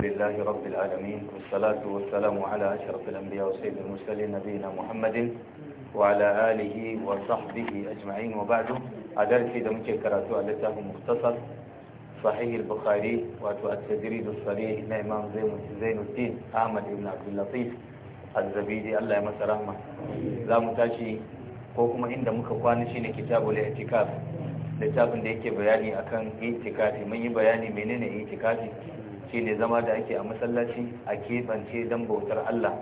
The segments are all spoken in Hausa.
لله رب العالمين والصلاة والسلام على أشرف الأنبياء وسيد المرسلين نبينا محمد وعلى آله وصحبه أجمعين وبعد أدرسي دمك كراتو ألته مختصر صحيح البخاري وأتو التجريد الصريح لإمام زين الدين أحمد بن عبد اللطيف الزبيدي الله يمس رحمة لا متاشي كوكما عند مكوانشي كتاب الاعتكاف littafin da yake bayani akan itikafi mun yi bayani menene itikafi ne zama da ake a masallaci a keɓance don bautar Allah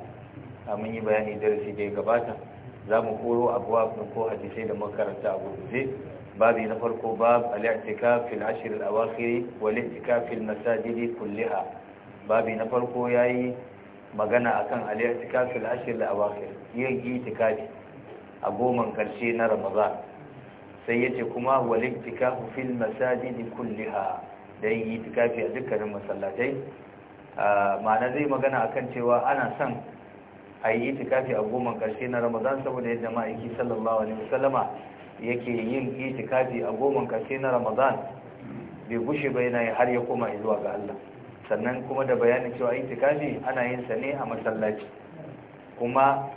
a mun yi bayani darasi da ya gabata za mu koro abuwa ko hadisai da makaranta a gurguje babi na farko bab al-i'tikaf fil ashr al-awakhir wal i'tikaf fil masajid kulliha babi na farko yayi magana akan al-i'tikaf fil ashr al-awakhir yin itikafi a goman karshe na Ramadan sai yace kuma wal i'tikaf fil masajid kulliha da yin itikafi a dukkanin masallatai ma'ana zai magana akan cewa ana son a yi itikafi a goma karshe na ramadan saboda yadda ma'aiki sallallahu alaihi wasallama yake yin itikafi a goma karshe na ramadan bai gushe ba yana har ya koma zuwa ga Allah sannan kuma da bayanin cewa itikafi ana yin sa ne a masallaci kuma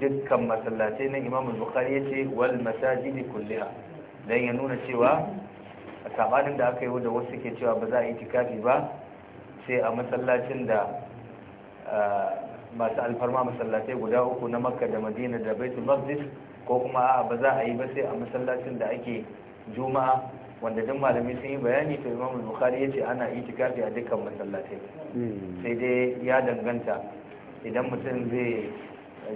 dukkan masallatai na Imam Bukhari yace wal masajidi kulliha dan ya nuna cewa a sabanin da aka yi da wasu ke cewa ba za a yi tikafi ba sai a masallacin da masu alfarma masallatai guda uku na makka da madina da baitul maqdis ko kuma a ba za a yi ba sai a masallacin da ake juma'a wanda duk malami sun yi bayani ta imam bukhari ya ce ana tikafi a dukkan masallatai hmm. sai dai ya danganta idan mutum zai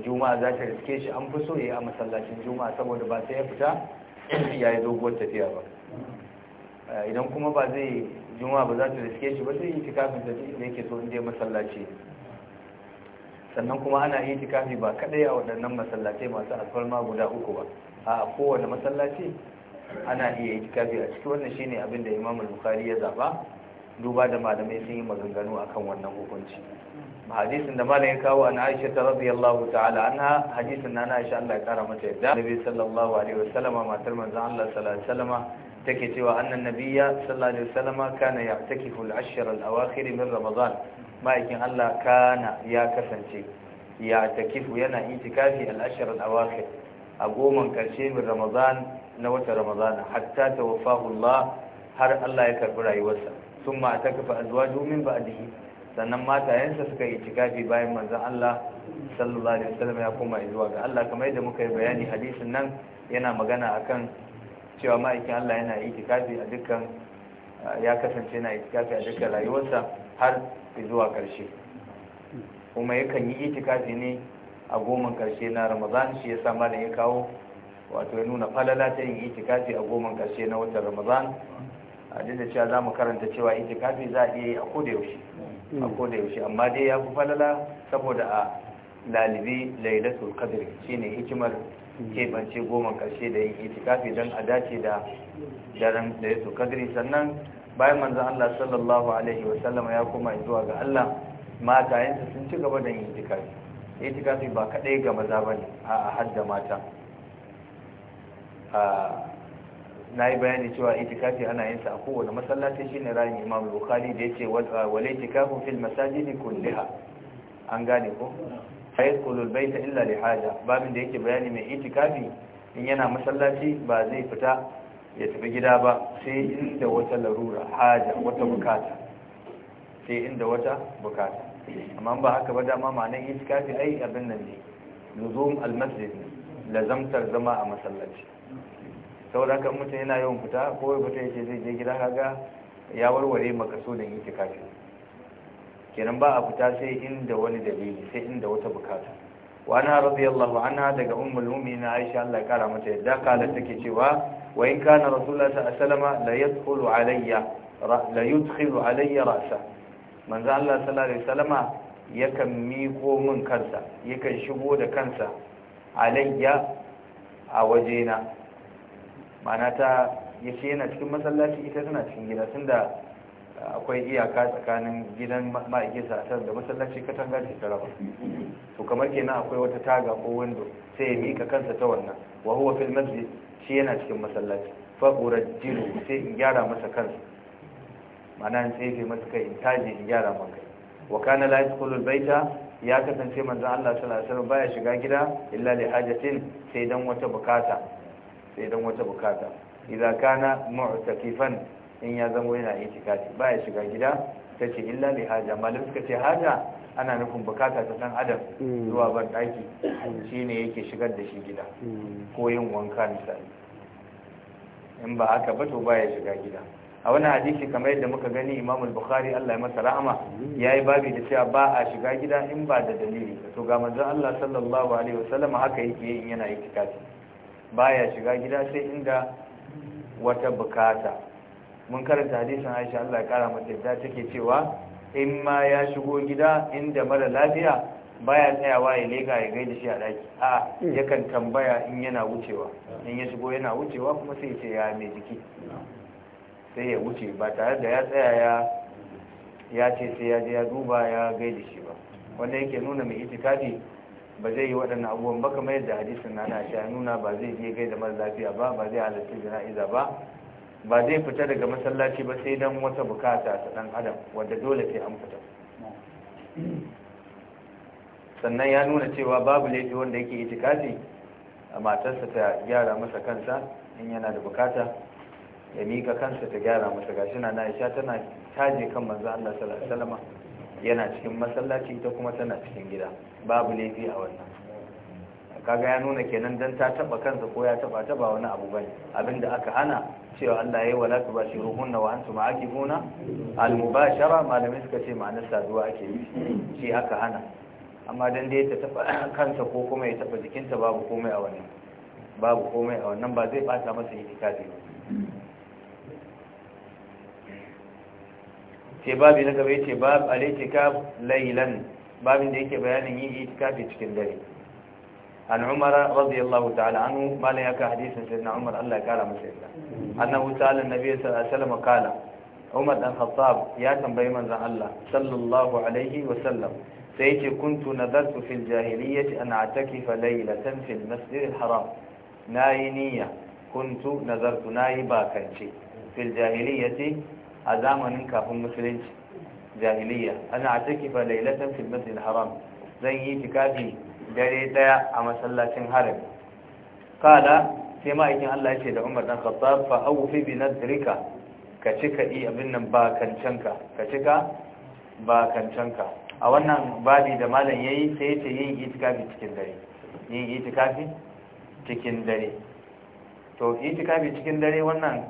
juma'a za ta riske shi an fi so ya yi a masallacin juma'a saboda ba sai ya fita ya yi doguwar tafiya ba Eh, idan kuma ba zai juma ba za ta riske shi ba zai yi tikafi da ne yake so inda ya masallaci sannan kuma ana yi tikafi ba kadai a waɗannan masallatai masu alfalma guda uku ba a kowane masallaci ana iya yi tikafi a ciki wannan shine abin da imam bukhari ya zaba duba da malamai sun yi maganganu kan wannan hukunci hadisin da malamin ya kawo an Aisha ta radiyallahu ta'ala anha hadisin na Aisha Allah ya kara mata yadda Nabi sallallahu alaihi wasallama matar manzon Allah sallallahu alaihi wasallama take cewa annan nabiyya sallallahu alaihi wasallam kana ya'takifu al-ashr al-awakhir min ramadan ma'aikin Allah kana ya kasance ya'takifu yana itikafi al-ashr al-awakhir a goman karshe min ramadan na wata ramadan hatta tawaffahu Allah har Allah ya karbi rayuwarsa thumma atakafa azwajuhu min ba'dihi sannan matayensa suka yi itikafi bayan manzon Allah sallallahu alaihi wasallam ya koma zuwa ga Allah kamar yadda muka yi bayani hadisin nan yana magana akan cewa ma'aikin Allah yana itikafi a dukkan ya kasance yana itikafi a dukkan rayuwarsa har zuwa ƙarshe kuma yakan yi itikafi ne a goman ƙarshe na Ramadan shi ya samar da ya kawo wato ya nuna falala ta yin itikafi a goman ƙarshe na watan Ramadan a duk da cewa mu karanta cewa itikafi za a iya yi a da yaushe a da yaushe amma dai ya fi falala saboda a lalibi lailatul qadr shine hikimar keɓance goma karshe da yin itikafi don a dace da daren da ya gari sannan bayan manzan Allah sallallahu Alaihi wasallama ya koma zuwa ga Allah mata yansa sun ci gaba da yin itikafi itikafi ba kaɗai ga maza ba ne a hadda mata ah, na yi bayani cewa itikafi ana yin sa a kowane masallaci shine rayin imam bukhari da ya ce wale ah, itikafin fil masajidi kulliha an gane ko haikulu baita illa li haja babin da yake bayani mai itikafi in yana masallaci ba zai fita ya tafi gida ba sai inda wata larura haja wata bukata sai inda wata bukata amma ba haka ba dama ma'anar itikafi ai abin nan ne luzum almasjid lazamtar zama a masallaci saboda haka mutum yana yawan fita ko ya fita yace zai je gida kaga ya warware makasudin itikafi kenan ba a fita sai inda wani dalili sai inda wata bukata wa ana radiyallahu anha daga ummul mu'minin Aisha Allah ya kara mata yadda kala take cewa wa in kana rasulullahi sallallahu alaihi wasallam la yadkhulu alayya la yadkhulu alayya ra'sa manzo Allah sallallahu alaihi wasallam yakan miko min kansa yakan shigo da kansa alayya a wajena ma'ana ta yace yana cikin masallaci ita tana cikin gida tunda akwai iyaka tsakanin gidan ma'aikin sa'asar da masallaci katanga ce ta raba to kamar kenan akwai wata taga ko wando sai ya mika kansa ta wannan wa huwa fil masjid shi yana cikin masallaci fa urajjiru sai in gyara masa kansa ma'ana in tsefe masa kai in taje in gyara kai wa kana la yadkhulul baita ya kasance manzon Allah sallallahu alaihi wasallam baya shiga gida illa li hajatin sai dan wata bukata sai dan wata bukata idan kana mu'takifan in ya zama yana itikafi ba ya shiga gida ta ce illa bi haja malam suka ce haja ana nufin bukata ta san adam mm. zuwa ban daki mm. shine yake shigar da shi gida mm. ko yin wanka misali in ba haka ba to ba ya shiga gida a wani hadisi kamar yadda muka gani imam bukhari Allah ya masa rahama yi babi da cewa ba a shiga gida in ba da dalili to ga manzon Allah sallallahu alaihi wasallam haka yake yin yana itikafi baya shiga gida sai inda wata bukata mun karanta hadisin Aisha Allah ya kara mata yadda take cewa in ma ya shigo gida inda mara lafiya baya tsayawa ya leka ya gaida shi a daki a hmm. yakan tambaya in yana wucewa in ya shigo yana wucewa kuma sai ya ce ya mai jiki sai ya wuce ba tare da ya tsaya ya ya ce sai ya je ya duba ya gaida shi ba wanda yake nuna mai itikadi ba zai yi waɗannan abubuwan ba kamar yadda hadisin na na ya nuna ba zai je gaida mara lafiya ba ba zai halarci jana'iza ba ba zai fita daga masallaci ba sai don wata bukata ta dan adam wadda dole sai an fita sannan ya nuna cewa babu laifi wanda yake itikafi a matarsa ta gyara masa kansa in yana da bukata ya mika kansa ta gyara masa gashi na Aisha tana taje kan manzo Allah sallallahu alaihi wasallam yana cikin masallaci ita kuma tana cikin gida babu laifi a wannan kaga ya nuna kenan dan ta taba kansa ko ya taba ta ba wani abu bane abinda aka hana cewa Allah yayi wala tubashiruhunna wa antum aaqibuna al-mubashara malamin suka ce ma'anar saduwa ake yi shi aka hana amma dan dai ta taba kansa ko kuma ya taba jikinta babu komai a wannan babu komai a wannan ba zai bata masa itikafi ba ce babi na gaba ce bab al-itikaf la'ilan babin da yake bayanin yin itikafi cikin dare an umara radiyallahu ta'ala anhu malan ka hadisin sayyidina umar Allah ya kara masa yadda annahu ta'ala nabi sallallahu alaihi wasallam kala umar dan khattab ya tambayi manzon Allah sallallahu alaihi wasallam sai yace kuntu nadartu fil jahiliyyati an a'takifa laylatan fil masjid al haram nayi niyya kuntu nadartu nayi bakance fil jahiliyyati a zamanin kafin musulunci jahiliya ana a'takifa laylatan fil masjid haram zan yi tikafi dare daya a masallacin harin. kada sai ma'aikin Allah ya ce da Umar dan Khattab fa awfi bi nadrika ka cika i abin nan ba kancanka ka cika ba kancanka a wannan babi da malam yayi sai ya ce yin itikafi cikin dare yin itikafi cikin dare to itikafi cikin dare wannan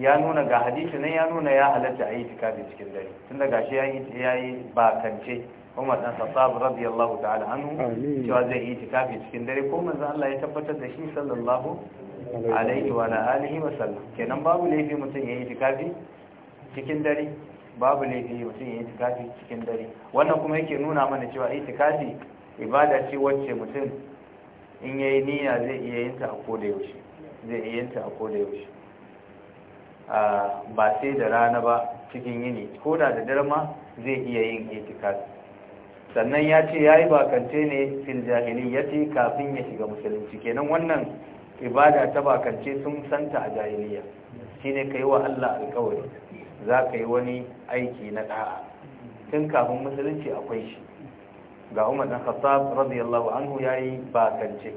ya nuna ga hadisi nan ya nuna ya halatta a itikafi cikin dare tunda gashi ya yi ba kance Umar dan Khattab radiyallahu ta'ala anhu cewa zai yi tikafi cikin dare ko manzo Allah ya tabbatar da shi sallallahu alaihi wa alihi wa sallam kenan babu laifi mutum ya yi tikafi cikin dare babu laifi mutum ya yi tikafi cikin dare wannan kuma yake nuna mana cewa itikafi ibada ce wacce mutum in yayi niyya zai iya yin ta a koda yaushe zai iya yin ta a koda yaushe ba sai da rana ba cikin yini ko da da dare ma zai iya yin itikafi sannan ya ce ya yi bakance ne fil jahiliyyati kafin ya shiga musulunci kenan wannan ibada ta bakance sun santa a jahiliya shine ka yi wa Allah alkawari za ka yi wani aiki na ɗa'a tun kafin musulunci akwai shi ga umar dan khattab radiyallahu anhu ya yi bakance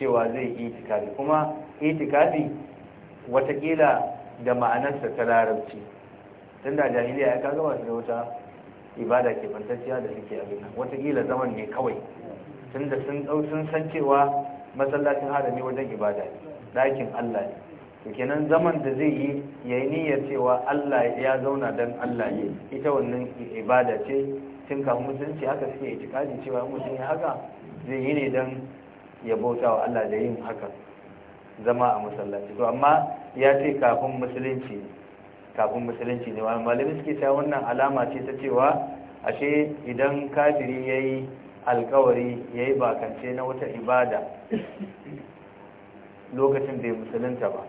cewa zai yi itikafi kuma itikafi watakila da ma'anarsa ta larabci tun da jahiliya ya kaga wasu da wuta. ibada ke fantasiya da suke abin nan watakila zaman ne kawai tun da sun ɗau san cewa masallacin harami wajen ibada ne ɗakin Allah ne to kenan zaman da zai yi ya yi niyyar cewa Allah ya zauna don Allah ne ita wannan ibada ce tun kafin musulunci haka suke itikadi cewa mutum ya haka zai yi ne don ya bauta wa Allah da yin haka zama a masallaci to amma ya ce kafin musulunci kafin musulunci ne malamai suke cewa wannan alama ce ta cewa ashe idan kafiri yayi alkawari yayi bakance na wata ibada lokacin bai musulunta ba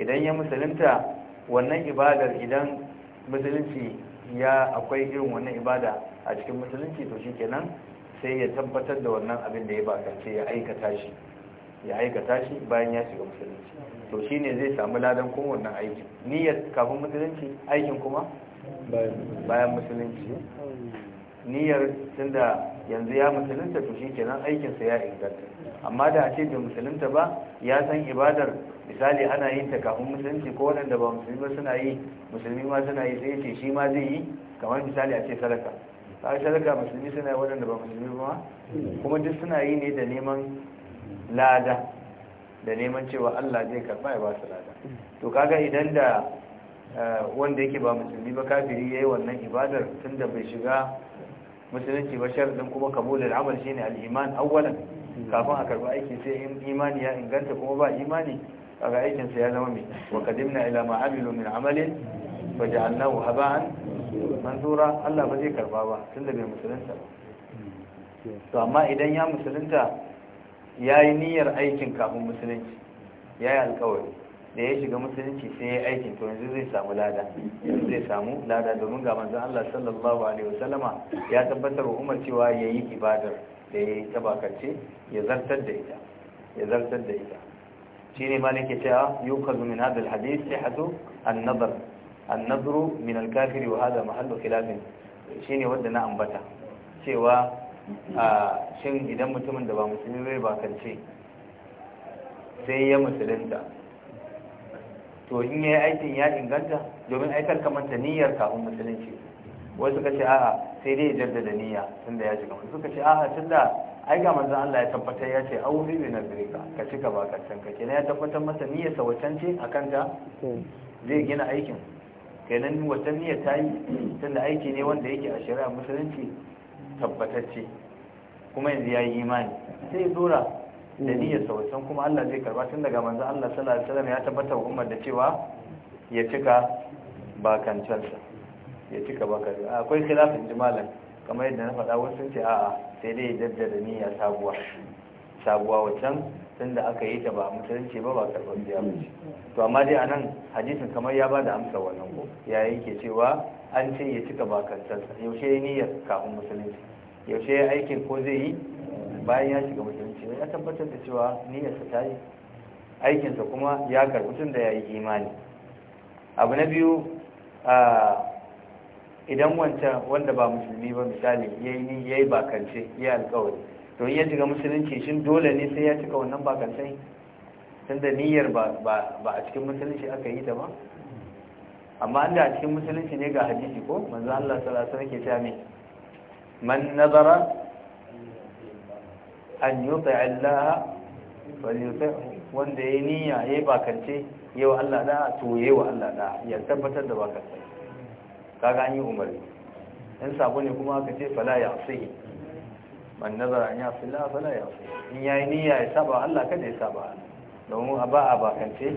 idan ya musulunta wannan ibadar idan musulunci ya akwai irin wannan ibada a cikin musulunci to shikenan sai ya tabbatar da wannan abin da ya bakance ya aikata shi ya aikata shi bayan ya shiga musulunci to shine zai samu ladan kuma wannan aiki niyyar kafin musulunci aikin kuma bayan musulunci niyyar da yanzu ya musulunta to shi kenan aikinsa ya inganta amma da a ce bai musulunta ba ya san ibadar misali ana yin ta kafin musulunci ko waɗanda ba musulmi ba suna yi musulmi ma suna yi sai ce shi ma zai yi kamar misali a ce sadaka sadaka musulmi suna yi waɗanda ba musulmi ba kuma duk suna yi ne da neman lada da neman cewa Allah zai karba ya ba su lada to kaga idan da eh, wanda yake ba musulmi ba kafiri yayi wannan ibadar tunda bai shiga musulunci ba sharadin kuma kabulul amal shine al-iman awwalan kafin a karba aiki sai in imani ya inganta kuma ba imani kaga aikin sa ya zama mai wa qadimna ila ma amilu min amalin faja'alnahu haba'an manzura Allah ba zai karba ba tunda bai musulunta ba to amma idan ya musulunta ya yi niyyar aikin kafin musulunci ya yi alkawari da ya shiga musulunci sai ya aikin to yanzu zai samu lada yanzu zai samu lada domin ga manzon Allah sallallahu alaihi wasallama ya tabbatar wa Umar cewa ya yi ibadar da ya yi tabakarce ya zartar da ita ya zartar da ita ne ma nake cewa yukazu min hadha alhadith sihhatu an-nadr an min al wa hadha mahallu shine wanda na ambata cewa a shin idan mutumin da ba musulmi bai bakance sai ya musulunta to in yi aikin ya inganta domin aikar kamanta niyyar kafin musulunci wai suka ce a'a sai dai jaddada niyya tun da ya shiga wani suka ce a'a tun da ai ga manzan Allah ya tabbatar ya ce auri bi na zirka ka ci ka bakancan ka kenan ya tabbatar masa niyyar sa wacan ce a ta zai gina aikin kenan wacan niyyar ta yi tun da aiki ne wanda yake a shari'a musulunci tabbatacce kuma yanzu ya yi imani sai zura da ya wancan kuma Allah zai karba tun daga manzo Allah sallallahu alaihi wasallam ya tabbata wa ummar da cewa ya cika bakancansa ya cika bakancansa akwai khilafin jimalan kamar yadda na faɗa wasu sun ce a'a sai dai jaddada niyya sabuwa sabuwa wancan tunda aka yi ta ba musulunci ba ba karɓar biya ba to amma dai a nan hadisin kamar ya bada da amsa wannan ko ya yake cewa an ce ya cika bakantarsa yaushe ya niyyar kafin musulunci yaushe ya aikin ko zai yi bayan ya shiga musulunci ya tabbatar da cewa niyyarsa ta yi aikinsa kuma ya karɓi tun da ya yi imani abu na biyu idan wancan wanda ba musulmi ba misali ya yi bakance ya alkawari to ya shiga musulunci shi dole ne sai ya cika wannan bakance tun da niyyar ba a cikin musulunci aka yi ta ba amma an da a cikin musulunci ne ga hadisi ko manzo Allah sallallahu alaihi ke cewa man nazara an yuti Allah wal yuti wanda yayi niyya yayi bakance yau Allah da to yau Allah da ya tabbatar da bakance kaga an yi umarni in sabo ne kuma aka ce fala ya asihi man nazara an yafi Allah fala ya fi in yayi niyya ya saba Allah kada ya saba domin a ba a bakance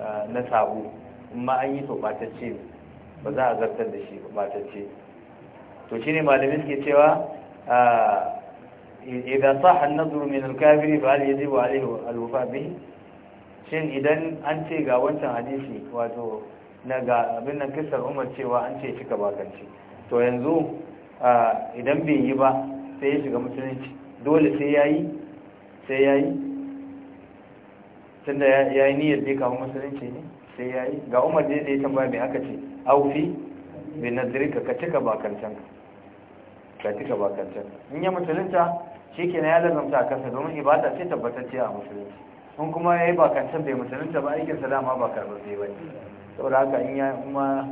ah, na sabu in ma an yi to batacce ba za a zartar da shi batacce to shine malamin suke cewa ah, idan saha an-nazru min al-kafiri fa yajibu alayhi al-wafa bihi shin idan an ce ga wancan hadisi wato na ga abin nan kisar umar cewa an ce shi ka bakance to yanzu ah, idan bai yi ba sai ya shiga musulunci dole sai ya yi sai ya yi tunda ya yi niyyar zai kawo musulunci ne sai ya yi ga umar da ya tambaya mai aka ce aufi bai nazirka ka cika bakancan ka cika bakancan in ya musulunta shi ke na ya zamta a kansa domin ibada ce tabbatacce a musulunci in kuma ya yi bakancan bai musulunta ba aikinsa dama ba karɓar sai ba saboda haka in ya kuma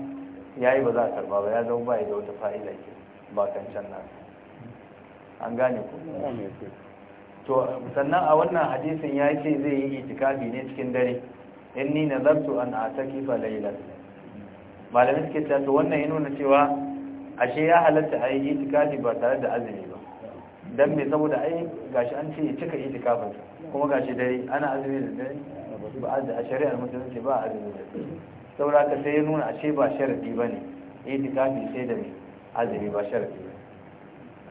ya yi ba za a karɓa ba ya zama ba ya da wata fa'ida ke bakancan nasu an gane ku to sannan a wannan hadisin ya ce zai yi itikafi ne cikin dare in ni na zartu an kifa laylan malamin suke cewa wannan ya nuna cewa ashe ya halatta a yi itikafi ba tare da azumi ba dan me saboda ai gashi an ce ya cika itikafin kuma gashi dare ana azumi da dare ba a shari'ar ce ba azumi da dare saboda ka sai ya nuna ashe ba sharadi ne itikafi sai da azumi ba sharadi ba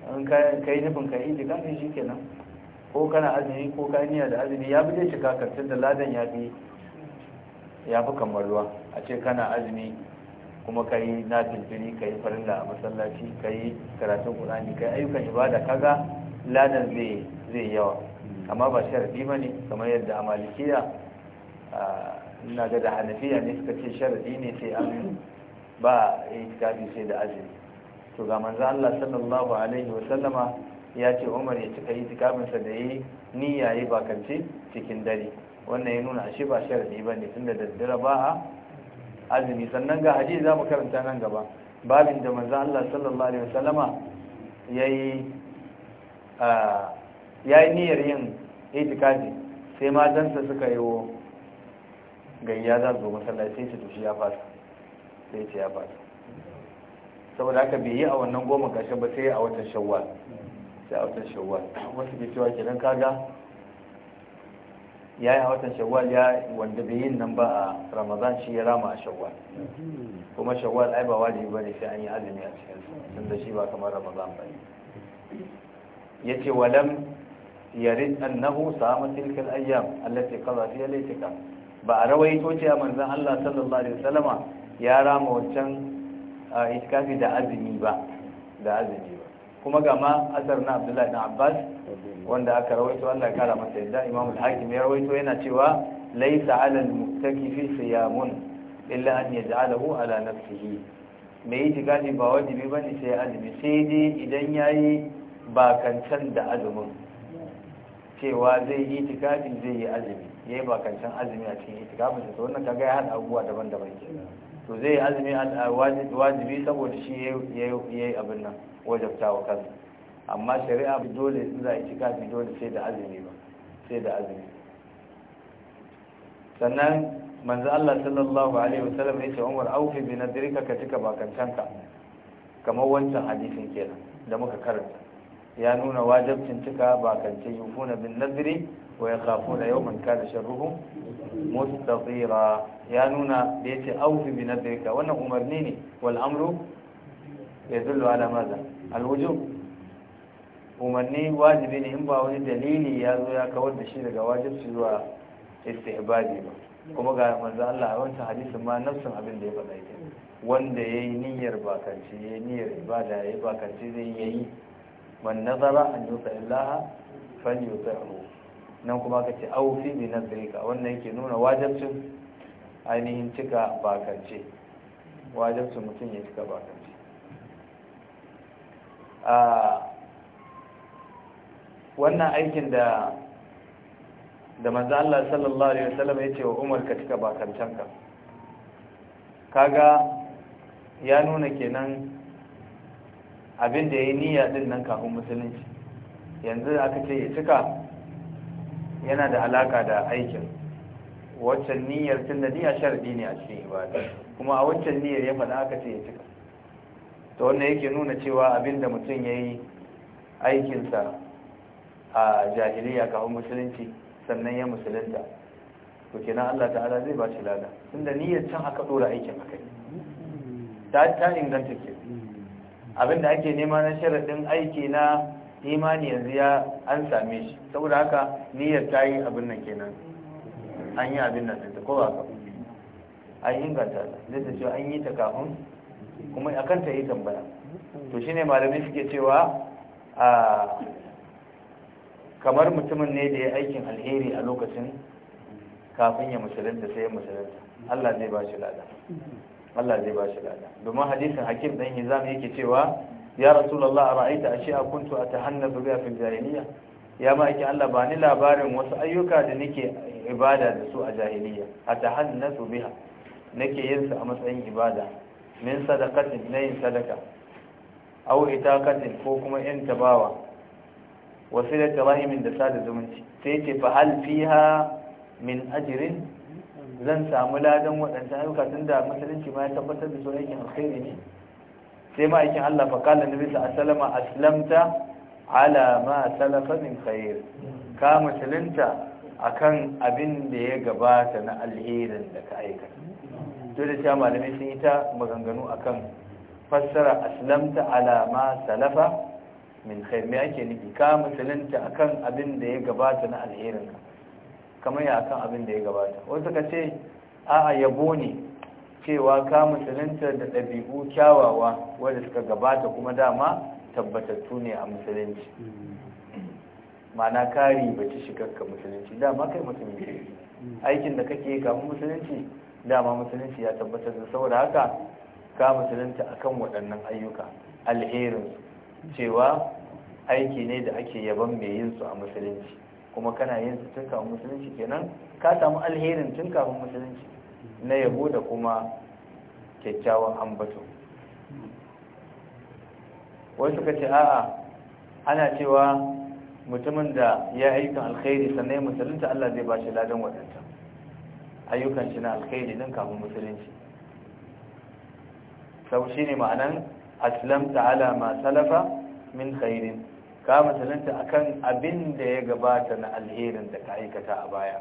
an ka yi nufin ka yi itikafi shi kenan ko kana azumi ko ka niyya da azumi ya fi dai shiga kafin da ladan ya fi ya fi kammaluwa a ce kana azumi kuma ka yi na tilfili ka yi farilla a masallaci ka yi karatun kurani ka yi ayyukan ibada kaga ladan zai yawa amma ba sharadi ba ne kamar yadda a malikiya ina ga da hanafiya ne suka ce sharadi ne sai an ba itikafi sai da azumi to ga manzo Allah sallallahu alaihi wasallama ya ce Umar ya cika itikafin sa da yi niyya yi bakance cikin dare wannan ya nuna ashe ba sharadi tun da daddare ba a azumi sannan ga hadisi mu karanta nan gaba babin da manzo Allah sallallahu alaihi wasallama yayi yayi niyyar yin itikadi sai ma matansa suka yi wo gayya za su zo masallaci sai su tushi ya fasa sai ce ya fasa saboda haka bai yi a wannan goma ƙarshen ba sai a watan shawwal sai a watan shawwal wasu ke cewa kenan kaga ya yi a watan shawwal ya wanda bai yin nan ba a ramadan shi ya rama a shawwal kuma shawwal ai ba wajibi ba ne sai an yi azumi a cikinsa, tun da shi ba kamar ramadan ba ne ya ce walam yarid annahu sama tilkal ayyam allati qada fiha laytika ba a rawaito ce a manzon Allah sallallahu alaihi wasallama ya rama wancan itikafi da azumi ba da azumi ba kuma ga ma asar na abdullahi na abbas wanda aka rawaito allah ya kara masa yadda imam al-hakim ya rawaito yana cewa laisa ala al-muttakifi siyamun illa an yaj'alahu ala nafsihi me itikadi ba wajibi ba ne sai azumi sai dai idan yayi kancan da azumin cewa zai yi itikadi zai yi azumi yayi kancan azumi a cikin itikafin sa to wannan kaga ya hada abubuwa daban-daban kenan to zai azumi wajibi saboda shi ya yi abin nan wajabta wa kansa amma shari'a dole sun za a yi kafi dole sai da azumi ba sai da azumi sannan manzo Allah sallallahu alaihi wasallam ya ce Umar aufi bi nadrika ka tika bakantanka kamar wancan hadisin kenan da muka karanta ya nuna wajibcin cika bakance yufuna bin nadri ويخافون يوما كان شره مستطيرا يا نونا بيت أوف بنذرك وأنا أمرنيني والأمر يدل على ماذا الوجوب umarni wajibi ne in ba wani dalili ya zo ya kawar da shi daga wajibci zuwa istihbabi ba kuma ga manzo Allah a wancan hadisin ma nafsin abin da ya faɗa ita wanda yayi niyyar bakanci yayi niyyar ibada yayi bakanci zai yayi man nazara an yusa illaha falyuti'hu nan kuma ka ce aufi bi zirka wannan yake nuna wajabcin ainihin cika bakance wajabcin mutum ya cika bakance a wannan aikin da da manzo Allah sallallahu alaihi wasallam ya ce wa Umar ka cika bakancanka kaga ya nuna kenan abin da yayi niyya din nan kafin musulunci yanzu aka ce ya cika yana da alaka da aikin waccan niyyar tun da niyya sharadi ne a cikin ibada kuma a waccan niyyar ya faɗa aka ce ya cika to wannan yake nuna cewa abinda mutum ya yi aikinsa a jahiliya kafin musulunci sannan ya musulunta to kenan Allah ta'ala zai ba shi lada da niyyar can aka ɗora aikin aka yi ta inganta ke abinda ake nema na sharadin aiki na imani yanzu ya an same shi saboda haka niyyar ta yi abin nan kenan an yi abin nan sai ko ba ka an yi inganta zai ta ce an yi ta kafin kuma a kan ta yi tambaya to shi ne malami suke cewa a kamar mutumin ne da ya aikin alheri a lokacin kafin ya musulunta sai ya musulunta Allah zai ba shi lada Allah zai ba shi lada domin hadisin hakim dan hizam yake cewa ya rasulullah ra'aita a kuntu atahannasu biha fil jahiliya ya ma yake Allah ba ni labarin wasu ayyuka da nake ibada da su a jahiliya atahannasu biha nake yin su a matsayin ibada min sadaqatin na yin sadaka aw itaqatin ko kuma yan tabawa wasilat rahimin da sada zumunci sai ce fa hal fiha min ajrin zan samu ladan waɗanda ayyuka tunda musulunci ma ya tabbatar da su aikin alkhairi ne sai ma'aikin Allah faƙalar nabi sa asalama aslamta ala ma salafa min khair ka musulunta akan abin da ya gabata na alherin da ka aikata to da cewa malamai sun yi ta maganganu akan fassara aslamta ala ma salafa min khair me ake nufi ka musulunta akan abin da ya gabata na alherin ka kamar ya akan abin da ya gabata wasu ka ce a'a yabo ne cewa ka musulunta da ɗabi'u kyawawa wadda suka gabata kuma dama tabbatattu ne a musulunci mana kari ba ci shigarka musulunci dama kai musulunci aikin da kake kafin musulunci dama musulunci ya tabbatar da saboda haka ka musulunta akan waɗannan ayyuka alherin cewa aiki ne da ake yaban mai yin su a musulunci kuma kana yin su tun kafin musulunci kenan ka samu alherin tun kafin musulunci na yabo da kuma kyakkyawan ambato wasu suka ce a'a ana cewa mutumin da ya ayyukan alkhairi sannan ya musulunta Allah zai ba shi ladan waɗanta ayyukan shi na alkhairi din kafin musulunci sau shi ne ma'anan aslam ta'ala ma salafa min khairin ka musulunta akan abin da ya gabata na alherin da ka aikata a baya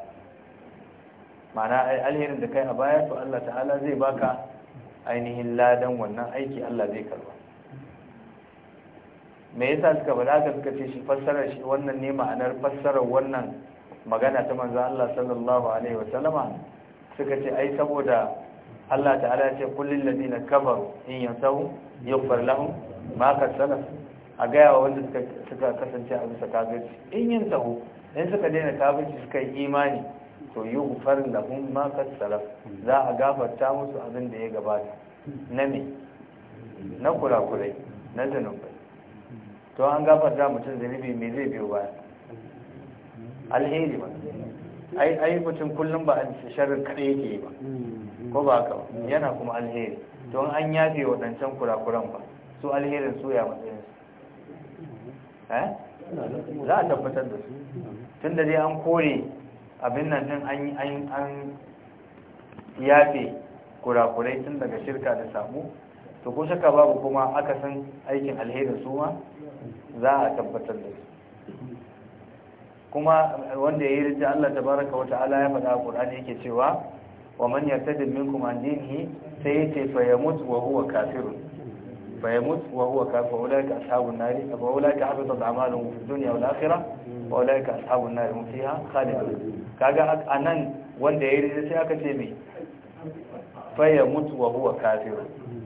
mana alherin da kai a baya to Allah ta'ala zai baka ainihin ladan wannan aiki Allah zai karba me yasa suka bada da suka ce shi fassarar shi wannan ne ma'anar fassarar wannan magana ta manzo Allah sallallahu alaihi wa sallama suka ce ai saboda Allah ta'ala ya ce kullil ladina kafaru in yasau yughfar lahum ma kasala a gaya wa wanda suka kasance a bisa kafirci in yin taho in suka daina kafirci suka yi imani to yughfar da ma qad salaf za a gafarta musu abin da ya gabata na me na kurakurai na zanubai to an gafarta mutum zanubi me zai biyo baya alheri ba ai ai mutum kullum ba sharrin kaɗe yake ba ko ba ka yana kuma alheri To an yafe waɗancan kurakuran ba su alherin su ya matsayin su eh? za a tabbatar da su tun da dai an kore abin nan din an an an yafe kurakurai tun daga shirka da samu to ko shaka babu kuma aka san aikin alherin su ma za a tabbatar da su kuma wanda ya yi rijin Allah ta baraka wata ala ya faɗa ƙur'ani yake cewa wa man da minkum an sai yace fa yamut wa huwa kafirun فيموت وهو كافر فأولئك أصحاب النار فأولئك حبطت أعمالهم في الدنيا والآخرة وأولئك أصحاب النار هم فيها خالدون كاجا أنن wanda ya yi sai aka ce mai faya mutu wa huwa kafiru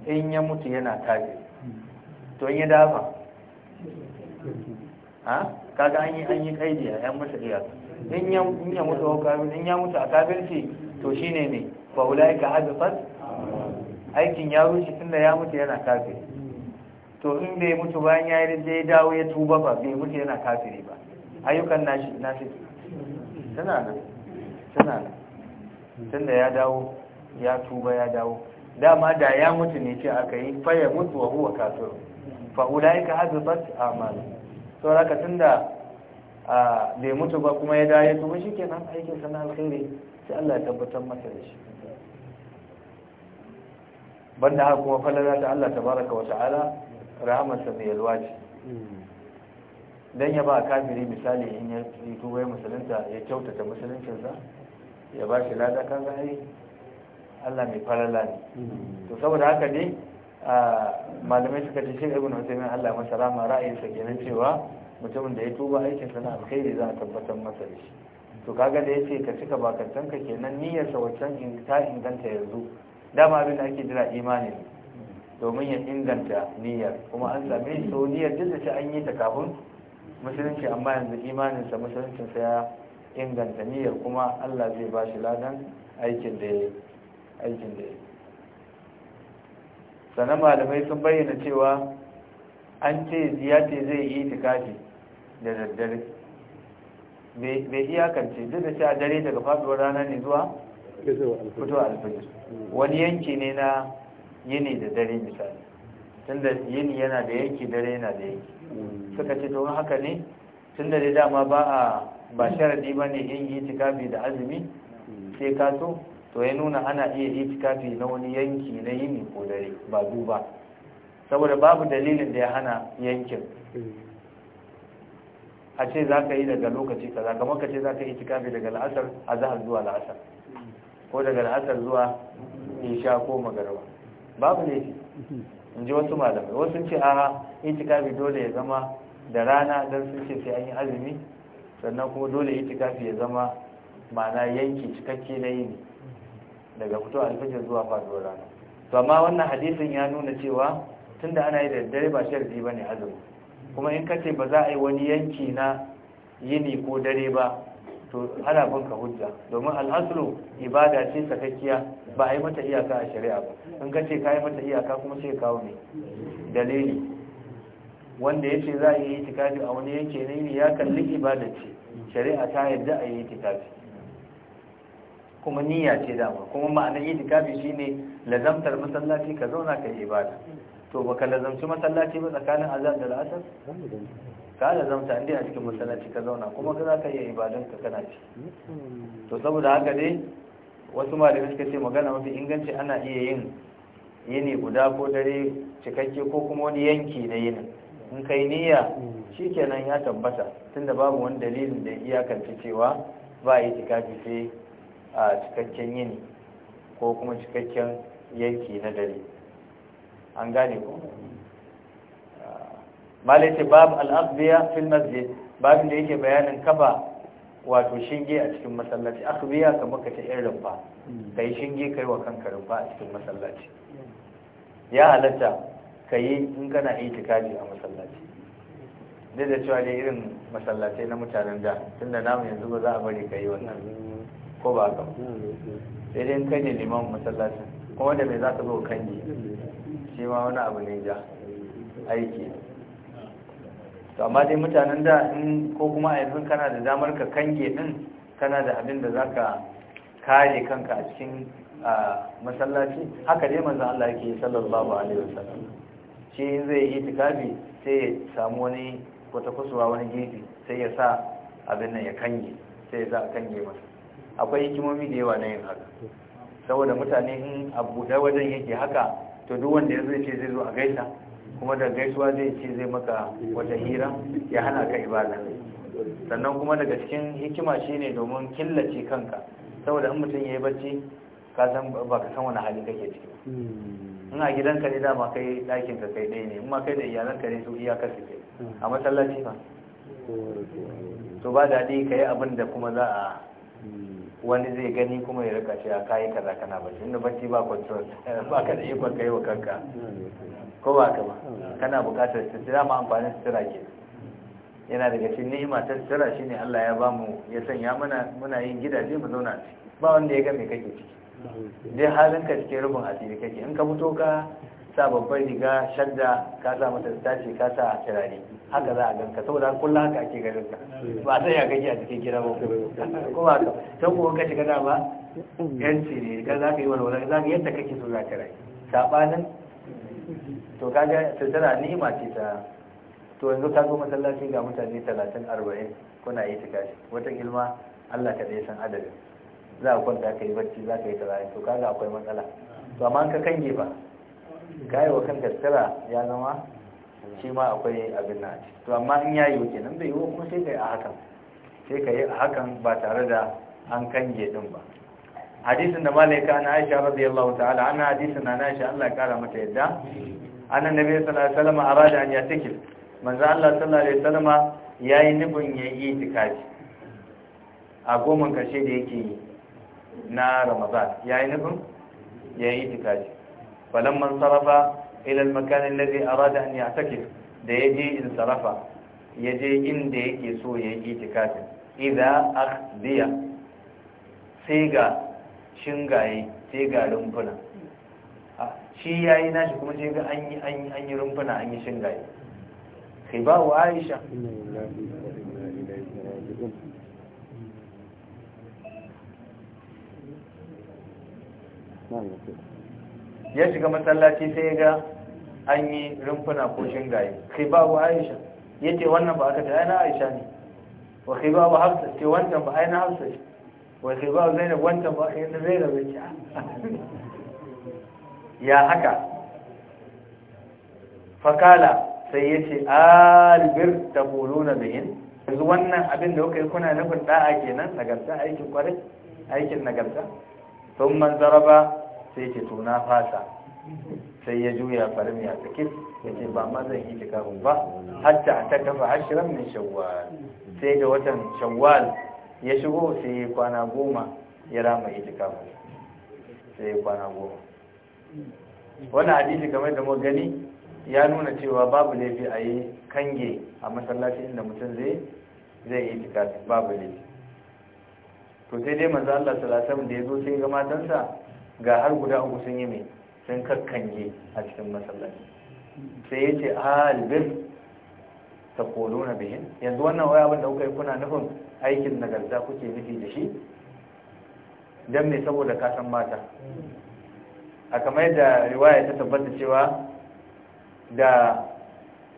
in ya mutu yana kafiru to in ya dafa ha kaga an yi an a yan masa iya in ya mutu wa in ya mutu a kafirci to shine ne fa ulaika hadathas aikin ya rushe tunda ya mutu yana kafiru to in bai mutu bayan ya yi ya dawo ya tuba ba bai mutu yana kafiri ba ayyukan nashi nashi tana nan tana nan tunda ya dawo ya tuba ya dawo dama da ya mutu ne ce aka yi faya mutu wa huwa kafir hazu ba su a'mal to raka da bai mutu ba kuma ya dawo ya tuba shikenan aikin sana alkhairi sai Allah ya tabbatar masa da shi banda haka kuma falala ta Allah tabaraka wa ta'ala rahamarsa mai yalwa ce don ya ba kafiri misali in ya tuba bai musulunta ya kyautata musuluncinsa ya ba shi lada kan zai Allah mai farala ne mm. to saboda haka dai malamai suka ce shi ibn Uthaymeen Allah masa rahama ra'ayinsa kenan cewa mutumin da ya tuba aikin sana alkhairi za a tabbatar masa da shi to kaga da yace ka cika bakantanka kenan niyyar sa wancan ta inganta yanzu dama abin da ake jira imani ne domin ya inganta niyyar kuma an sami so duk da ta an yi ta kafin musulunci amma yanzu imaninsa musuluncinsa ya inganta niyyar kuma allah zai ba shi ladan aikin da ya aikin da sannan malamai sun bayyana cewa an ce ziyarce zai yi itikafi da daddare bai iyakance duk da cewa dare daga faduwar rana ne zuwa fito alfajir wani yanki ne na yini da dare misali tunda yini yana da yanki dare yana da yanki suka ce to haka ne tunda da dama ba a ba sharadi bane yin itikafi da azumi sai ka so to ya nuna ana iya itikafi na wani yanki na yini ko dare ba duba saboda babu dalilin da ya hana yankin a ce za ka yi daga lokaci kaza kamar ka ce za ka yi itikafi daga la'asar a zahar zuwa la'asar ko daga la'asar zuwa isha ko magaraba babu laifi in ji wasu malamai wasu ce a itikafi dole ya zama da rana don sun ce sai an yi azumi sannan kuma dole itikafi ya zama mana yanki cikakke na yini daga fito alfajir zuwa faruwar rana to amma wannan hadisin ya nuna cewa tunda ana yi da dare ba sharadi bane azumi kuma in kace ba za a yi wani yanki na yini ko dare ba to ana banka hujja domin al'aslu ibada ce sakakkiya ba a yi mata iyaka a shari'a ba in ka ce ka yi mata iyaka kuma sai kawo ne dalili wanda ya ce za a yi itikafi a wani yanke ne ya kalli ibada ce shari'a ta yadda a yi itikafi kuma niyya ce dama kuma ma'anar itikafi shine lazamtar masallaci ka zauna ka yi ibada to baka lazamci masallaci ba tsakanin azan da la'asar ka lazamta inda a cikin masallaci ka zauna kuma ka za ka iya ibadanka kana ci to saboda haka dai wasu malamai suka ce magana mafi inganci ana iya yin yini guda ko dare cikakke ko kuma wani yanki na yini in kai niyya shikenan ya tabbata tunda babu wani dalilin da iyakance cewa ba yi tikafi sai a cikakken yini ko kuma cikakken yanki na dare an gane ku malaita bab al'asbiya fil masjid babin da yake bayanin kafa wato shinge a cikin masallaci akhbiya kamar ka ta irin rumfa kai shinge kai wa kanka rumfa a cikin masallaci ya halatta kai in kana itikadi a masallaci duk da cewa dai irin masallatai na mutanen da tunda namu yanzu ba za a bari kai wannan ko ba ka sai dai kai ne liman masallacin kuma da me za ka zo yi shi wani abu ne ja aiki to amma dai mutanen da in ko kuma a yanzu kana da damar ka kange din kana da abin da zaka kare kanka a cikin masallaci haka dai manzon Allah yake sallallahu alaihi wasallam shi in zai yi tikabi sai ya samu wani wata kusurwa wani gefe sai ya sa abin nan ya kange sai ya sa kange masa akwai hikimomi da yawa na yin haka saboda mutane in abu da wajen yake haka to duk wanda ya zai ce zai zo a gaisa kuma da gaisuwa zai ce zai maka wata hira ya hana ka ibada sannan kuma daga cikin hikima shine domin killace kanka saboda in mutum ya yi bacci ka ba ka san wani hali kake ciki in a gidanka ne dama kai ɗakin ka kai ɗaya ne in ma kai da iyalanka ne su iyakar su kai a masallaci ba to ba daɗi ka yi abin da kuma za a wani zai gani kuma ya rika cewa kayi kaza kana bacci inda bacci ba control ba ka da iko kai wa kanka ko ba ka ba kana bukatar tsira ma amfanin tsira ke yana daga cikin ni'ima ta tsira shine Allah ya ba mu ya sanya mana muna yin gidaje mu zauna ba wanda ya ga me kake ciki dai halin ka cikin rubun asiri kake in ka mutoka ka sa babban riga shadda ka sa mata tashi ka sa turare haka za a ganka saboda kullum haka ake ganin ka ba sai ya gaji a cikin gida ba ko ba ka ta kuma ka shiga dama yanci ne ka za ka yi walwala za ka yadda kake so za ka rayu sabanin to kaga sutura ni'ima ce ta to yanzu ka zo masallaci ga mutane talatin arba'in kuna yi ta gashi wata ilma Allah ka dai san adadin za a kwanta ka yi bacci za ka yi turare to kaga akwai matsala to amma ka kange ba kayi wa kan sutura ya zama shi ma akwai abin na to amma in ya yi wuce nan bai yi wa kuma sai ka yi a hakan sai ka yi a hakan ba tare da an kan je din ba hadisin da malaika ana aisha radiyallahu ta'ala ana hadisin na aisha Allah ya kara mata yadda annan nabi sallallahu alaihi wasallam arada an take manzo Allah sallallahu alaihi wasallam yayi nufin yayi itikafi a goma karshe da yake yi na Ramadan yayi nufin yayi itikafi فلما انصرف إلى المكان الذي أراد أن يعتكف da ya je in sarafa ya je inda yake so ya yi itikafin idan akhdiya sai ga shingaye sai ga ah, shi ya yi nashi kuma sai an yi rumfuna an yi shingaye kai wa aisha ya shiga masallaci sai ga an yi rumfuna ko shingaye kai babu aisha ya ce wannan ba aka ta aina aisha ne wa kai babu hafsa ce wancan ba aina hafsa ce wa kai babu zainab wancan ba aina zainab ce ah. ya haka fakala sai ya ce albir ta bolona na yin yanzu wannan abin da kuka yi kuna nufin da'a kenan nagarta aikin kwarai aikin nagarta sun man ba sai ce to na fasa sai ya juya farin ya tsakis ya ce ba ma zan yi tikafin ba hatta ta kafa ashirin min shawwal sai da watan shawwal ya shigo sai ya kwana goma ya rama yi tikafin sai ya kwana goma wannan hadisi kamar da muka gani ya nuna cewa babu laifi a yi kange a masallaci inda mutum zai zai yi tikafin babu laifi to sai dai manzo Allah sallallahu alaihi wasallam da yazo sai ga matansa ga har guda uku sun yi mai sun kakkanye a cikin masallaci sai ya ce albir ta kolo na bihin yanzu wannan waya abin da kuka yi kuna nufin aikin nagarta kuke nufi da shi don mai saboda kasan mata a kamar da riwaya ta tabbata cewa da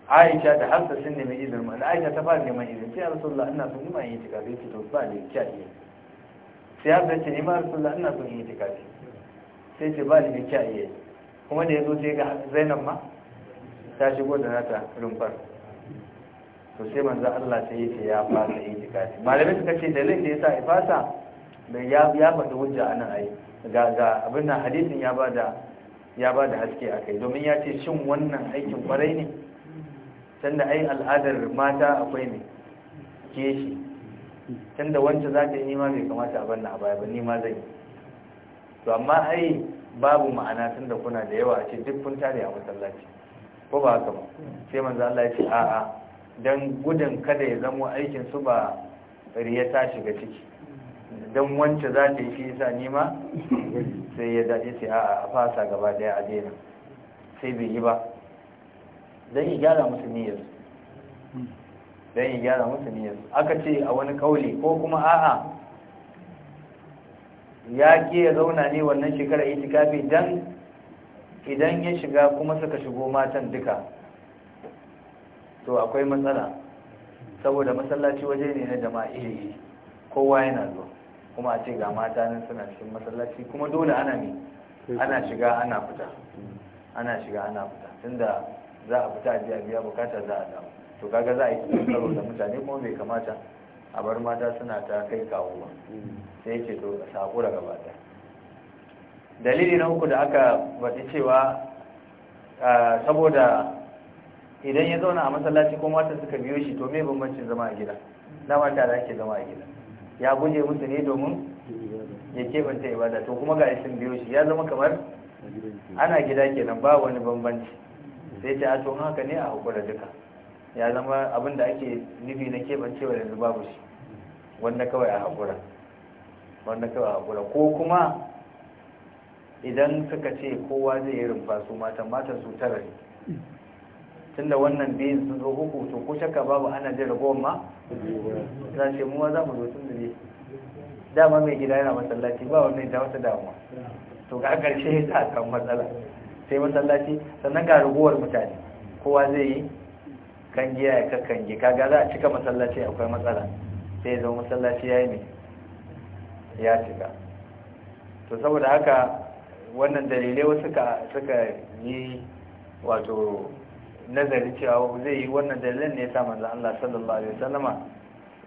aisha da hafsa sun nemi izin ma da aisha ta fara neman izinin sai rasulullah ina son yi yin itikafi ce to ba da kya sai hafsa ce nima rasulullah ina son yi itikafi sai ce ba ni da kyaye kuma da ya zo sai ga zainab ma ta shigo da nata rumfar to sai manzo Allah sai yace ya fasa itikafi malami suka ce dalilin da yasa ya fasa da ya ya fata hujja anan ai ga ga abin nan hadisin ya bada ya bada haske akai domin ya ce shin wannan aikin kwarai ne tunda ai al'adar mata akwai ne ke shi tunda wanda za yi nima bai kamata a banna a baya ba ni ma yi to amma ai babu ma'ana tun da kuna da yawa a ce duk kun tare a masallaci ko ba haka ba sai manzo Allah ya ce a'a dan gudun kada ya zamo aikin su ba riya ta shiga ciki dan wance za ta yi shi yasa ni ma sai ya dace sai a'a a fasa gaba daya a daina sai bai yi ba dan ya gyara musu niyyar dan ya gyara musu niyyar aka ce a wani kauli ko kuma a'a ya ke ya zauna ne wannan shekara itikafi dan idan ya shiga kuma suka shigo matan duka to akwai matsala saboda masallaci waje ne na jama'a iri kowa yana zo kuma a ce ga mata nan suna cikin masallaci kuma dole ana ne ana shiga ana fita ana shiga ana fita tunda za a fita a biya bukata za a damu to kaga za a yi karo da mutane kuma bai kamata a bar mata suna ta kai kawuwa sai ce to sakura gaba ta dalili na uku da aka faɗi cewa saboda idan ya zauna a masallaci ko mata suka biyo shi to me bambancin zama a gida dama ta da ake zama a gida ya guje musu ne domin ya kebanta ibada to kuma ga sun biyo shi ya zama kamar ana gida kenan ba wani bambanci sai ta ato haka ne a hakura duka ya zama abin da ake nufi na kebancewa yanzu babu shi wanda kawai a haƙura wanda kawai a haƙura ko kuma idan suka ce kowa zai yi rumfa su matan matan su tara ne tunda wannan biyun sun zo uku to ko shakka babu ana jin ragowar ma za ce mu ma za mu zo tun da ne dama mai gida yana masallaci ba wannan ta wata damuwa to ga karshe ya sa kan matsala sai masallaci sannan ga ragowar mutane kowa zai yi kan giya ya kakkange kaga za a cika masallaci akwai matsala sai ya zama masallaci ya yi ne ya cika to saboda haka wannan dalilai wasu suka yi wato nazari cewa zai yi wannan dalilin ne ya sa manzan Allah sallallahu alaihi wasallama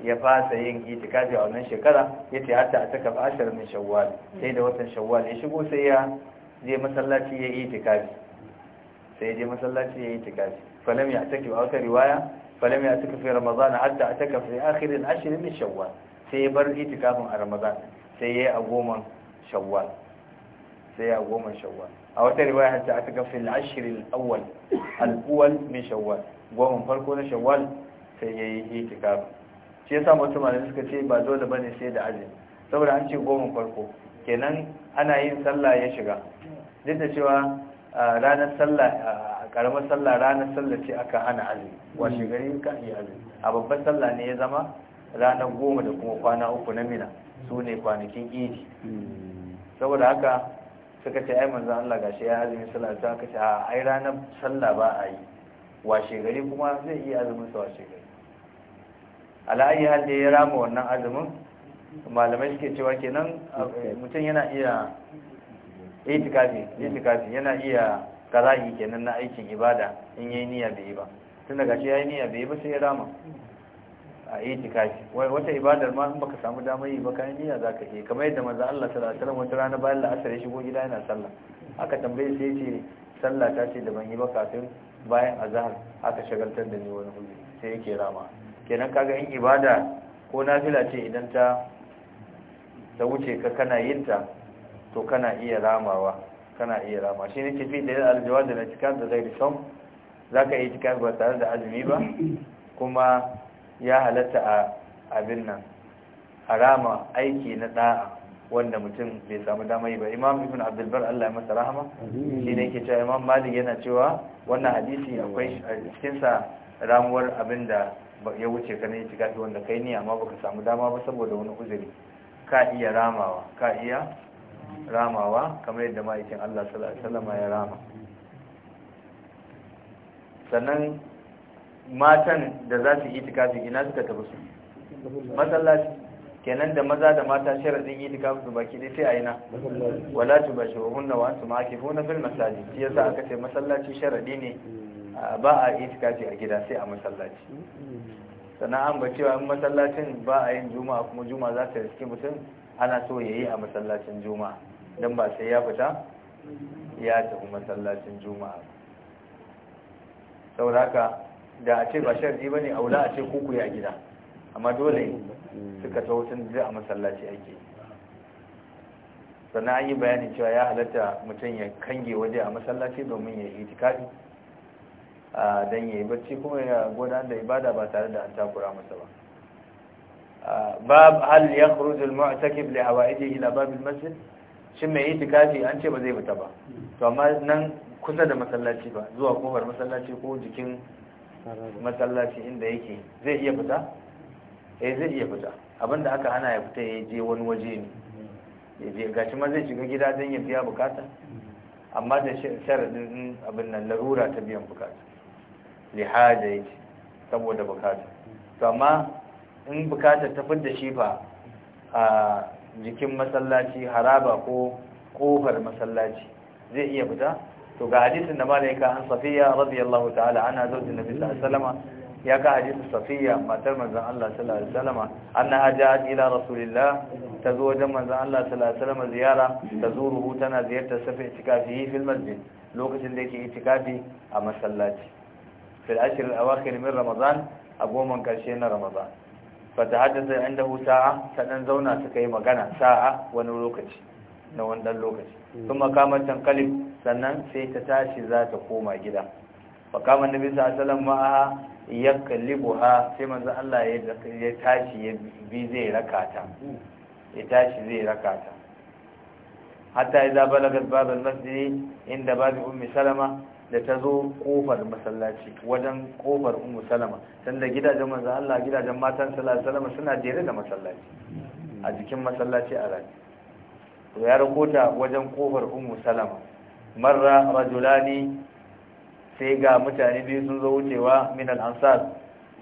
ya fasa yin itikafi a wannan shekara ce hatta a taka ashar min shawwal sai da watan shawwal ya shigo sai ya je masallaci ya yi itikafi sai ya je masallaci ya yi itikafi falam ya take wa wata riwaya falam ya tuka fi ramadan hatta ataka fi akhir al-ashr min shawwal sai ya bar itikafin a ramadan sai ya a goman shawwal a goman shawwal a wata riwaya hatta ataka fi al-ashr farko na sai ya yi yasa ba dole bane sai da azumi saboda an ce goma farko kenan ana yin sallah ya shiga duk da cewa ranar sallah karamar sallah ranar sallah ce aka hana azumi washe gari ka iya azumi a babban sallah ne ya zama ranar goma da kuma kwana uku na mina su ne kwanakin idi saboda haka suka ce ai manzan Allah gashi ya azumi sallah ta aka ce a ai ranar sallah ba a yi washe gari kuma zai iya azumin sa washe gari ala'ayi hal da ya rama wannan azumin malamai suke cewa kenan eh, mutum yana iya itikafi itikafi yana iya karahi kenan na aikin ibada in yayi niyya bai yi ba tun daga shi yayi niyya bai yi ba sai ya rama a itikafi wata ibadar ma in baka samu damar yi ba kayan niyya zaka yi kamar yadda manzo Allah sallallahu alaihi wasallam wata rana bayan la'asar ya shigo gida yana sallah aka tambaye sai yace sallah ta ce da ban yi ba kafin bayan azhar aka shagaltar da ni wani hujji sai yake rama kenan kaga in ibada ko nafila ce idan ta ta wuce ka kana yin ta to kana iya ramawa kana iya rama shi ne tafi da aljawa da itikaf da zai son za ka yi itikaf ba tare da azumi ba kuma ya halatta a abin nan a rama aiki na da'a wanda mutum bai samu yi ba imam ibn abdulbar Allah ya masa rahama shi ne ke cewa imam malik yana cewa wannan hadisi akwai cikinsa ramuwar abin da ya wuce ka ne tikafi wanda kai ni amma baka samu dama ba saboda wani uzuri ka iya ramawa ka iya ramawa kamar yadda ma'aikin Allah salama ya rama sannan matan da za su yi itikafi ina suka tafi su masallaci kenan da maza da mata yi itikafi su baki dai sai a ina wala tubashiruhunna wa antum akifuna fil masaji ya sa aka ce masallaci sharadi ne ba a itikafi a gida sai a masallaci sannan an ba cewa in masallacin ba a yin juma'a kuma juma'a za ta riske mutum ana so ya yi a masallacin juma'a don ba sai ya fita ya tafi masallacin juma'a saboda da a ce ba sharji ba ne aula a ce kuku ya gida amma dole suka ta da a masallaci ake sannan an yi bayanin cewa ya halatta mutum ya kange waje a masallaci domin ya yi tikafi don ya yi bacci kuma ya gwada da ibada ba tare da an takura masa ba bab hal ya a al mu'takib hawa hawaidihi ila bab al masjid shin mai itikafi an ce ba zai fita ba to amma nan kusa da masallaci ba zuwa kofar masallaci ko jikin masallaci inda yake zai iya fita eh zai iya fita abinda aka hana ya fita ya je wani waje ne ya je gashi ma zai shiga gida don ya biya bukata amma da sharadin abin nan larura ta biyan bukata lihaja yake saboda bukata to amma in bukatar ta da shi ba a jikin masallaci haraba ko kofar masallaci zai iya fita to ga hadisin da malaika an safiya radiyallahu ta'ala ana zautin nabi sallallahu alaihi ya ka hadisin safiya matar manzon Allah sallallahu alaihi wasallam annaha ja'at ila rasulillah tazo wajen manzon Allah sallallahu alaihi wasallam ziyara tazuruhu tana ziyartar safi itikafi fil masjid lokacin da yake itikafi a masallaci fil ashr al-awakhir min ramadan a goman karshe na ramadan fata haddasa inda ta dan zauna suka yi magana sa'a wani lokaci na wani lokaci kuma hmm. kamar tankalif sannan sai ta tashi za ta koma gida fakama nabi sallallahu ma'aha ya ha sai manzo Allah ya tashi ya bi zai rakata ya tashi zai rakata hatta idza balagat bab al-masjid inda babu ummi salama da ta zo kofar masallaci wajen kofar umu salama sanda gidajen manzo Allah gidajen matan sallallahu alaihi suna jere da masallaci a jikin masallaci a rani to ya rakota wajen kofar umu salama marra rajulani sai ga mutane biyu sun zo wucewa min al-ansar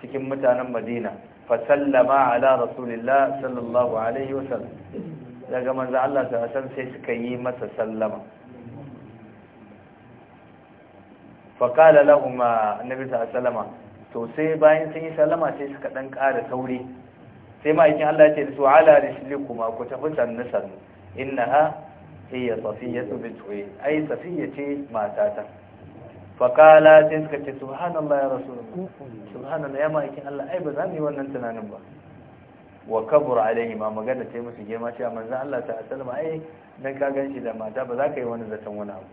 cikin mutanen Madina fa sallama ala rasulillah sallallahu alaihi wasallam daga manzo Allah sallallahu alaihi sai suka yi masa sallama faƙala lahuma annabi sallama to sai bayan sun yi salama sai suka ɗan ƙara sauri sai ma'aikin Allah ce da su ala kuma ku tafi sannu sannu innaha ya tsubi tsoye ai ya ce matata faƙala sai suka ce subhanallah ya rasu subhanallah ya ma'aikin Allah ai ba za mu yi wannan tunanin ba wa kabur alaihi ma magana ta yi musu girma cewa manzan Allah ta sallama ai dan ka ganshi da mata ba za ka yi wani zaton wani abu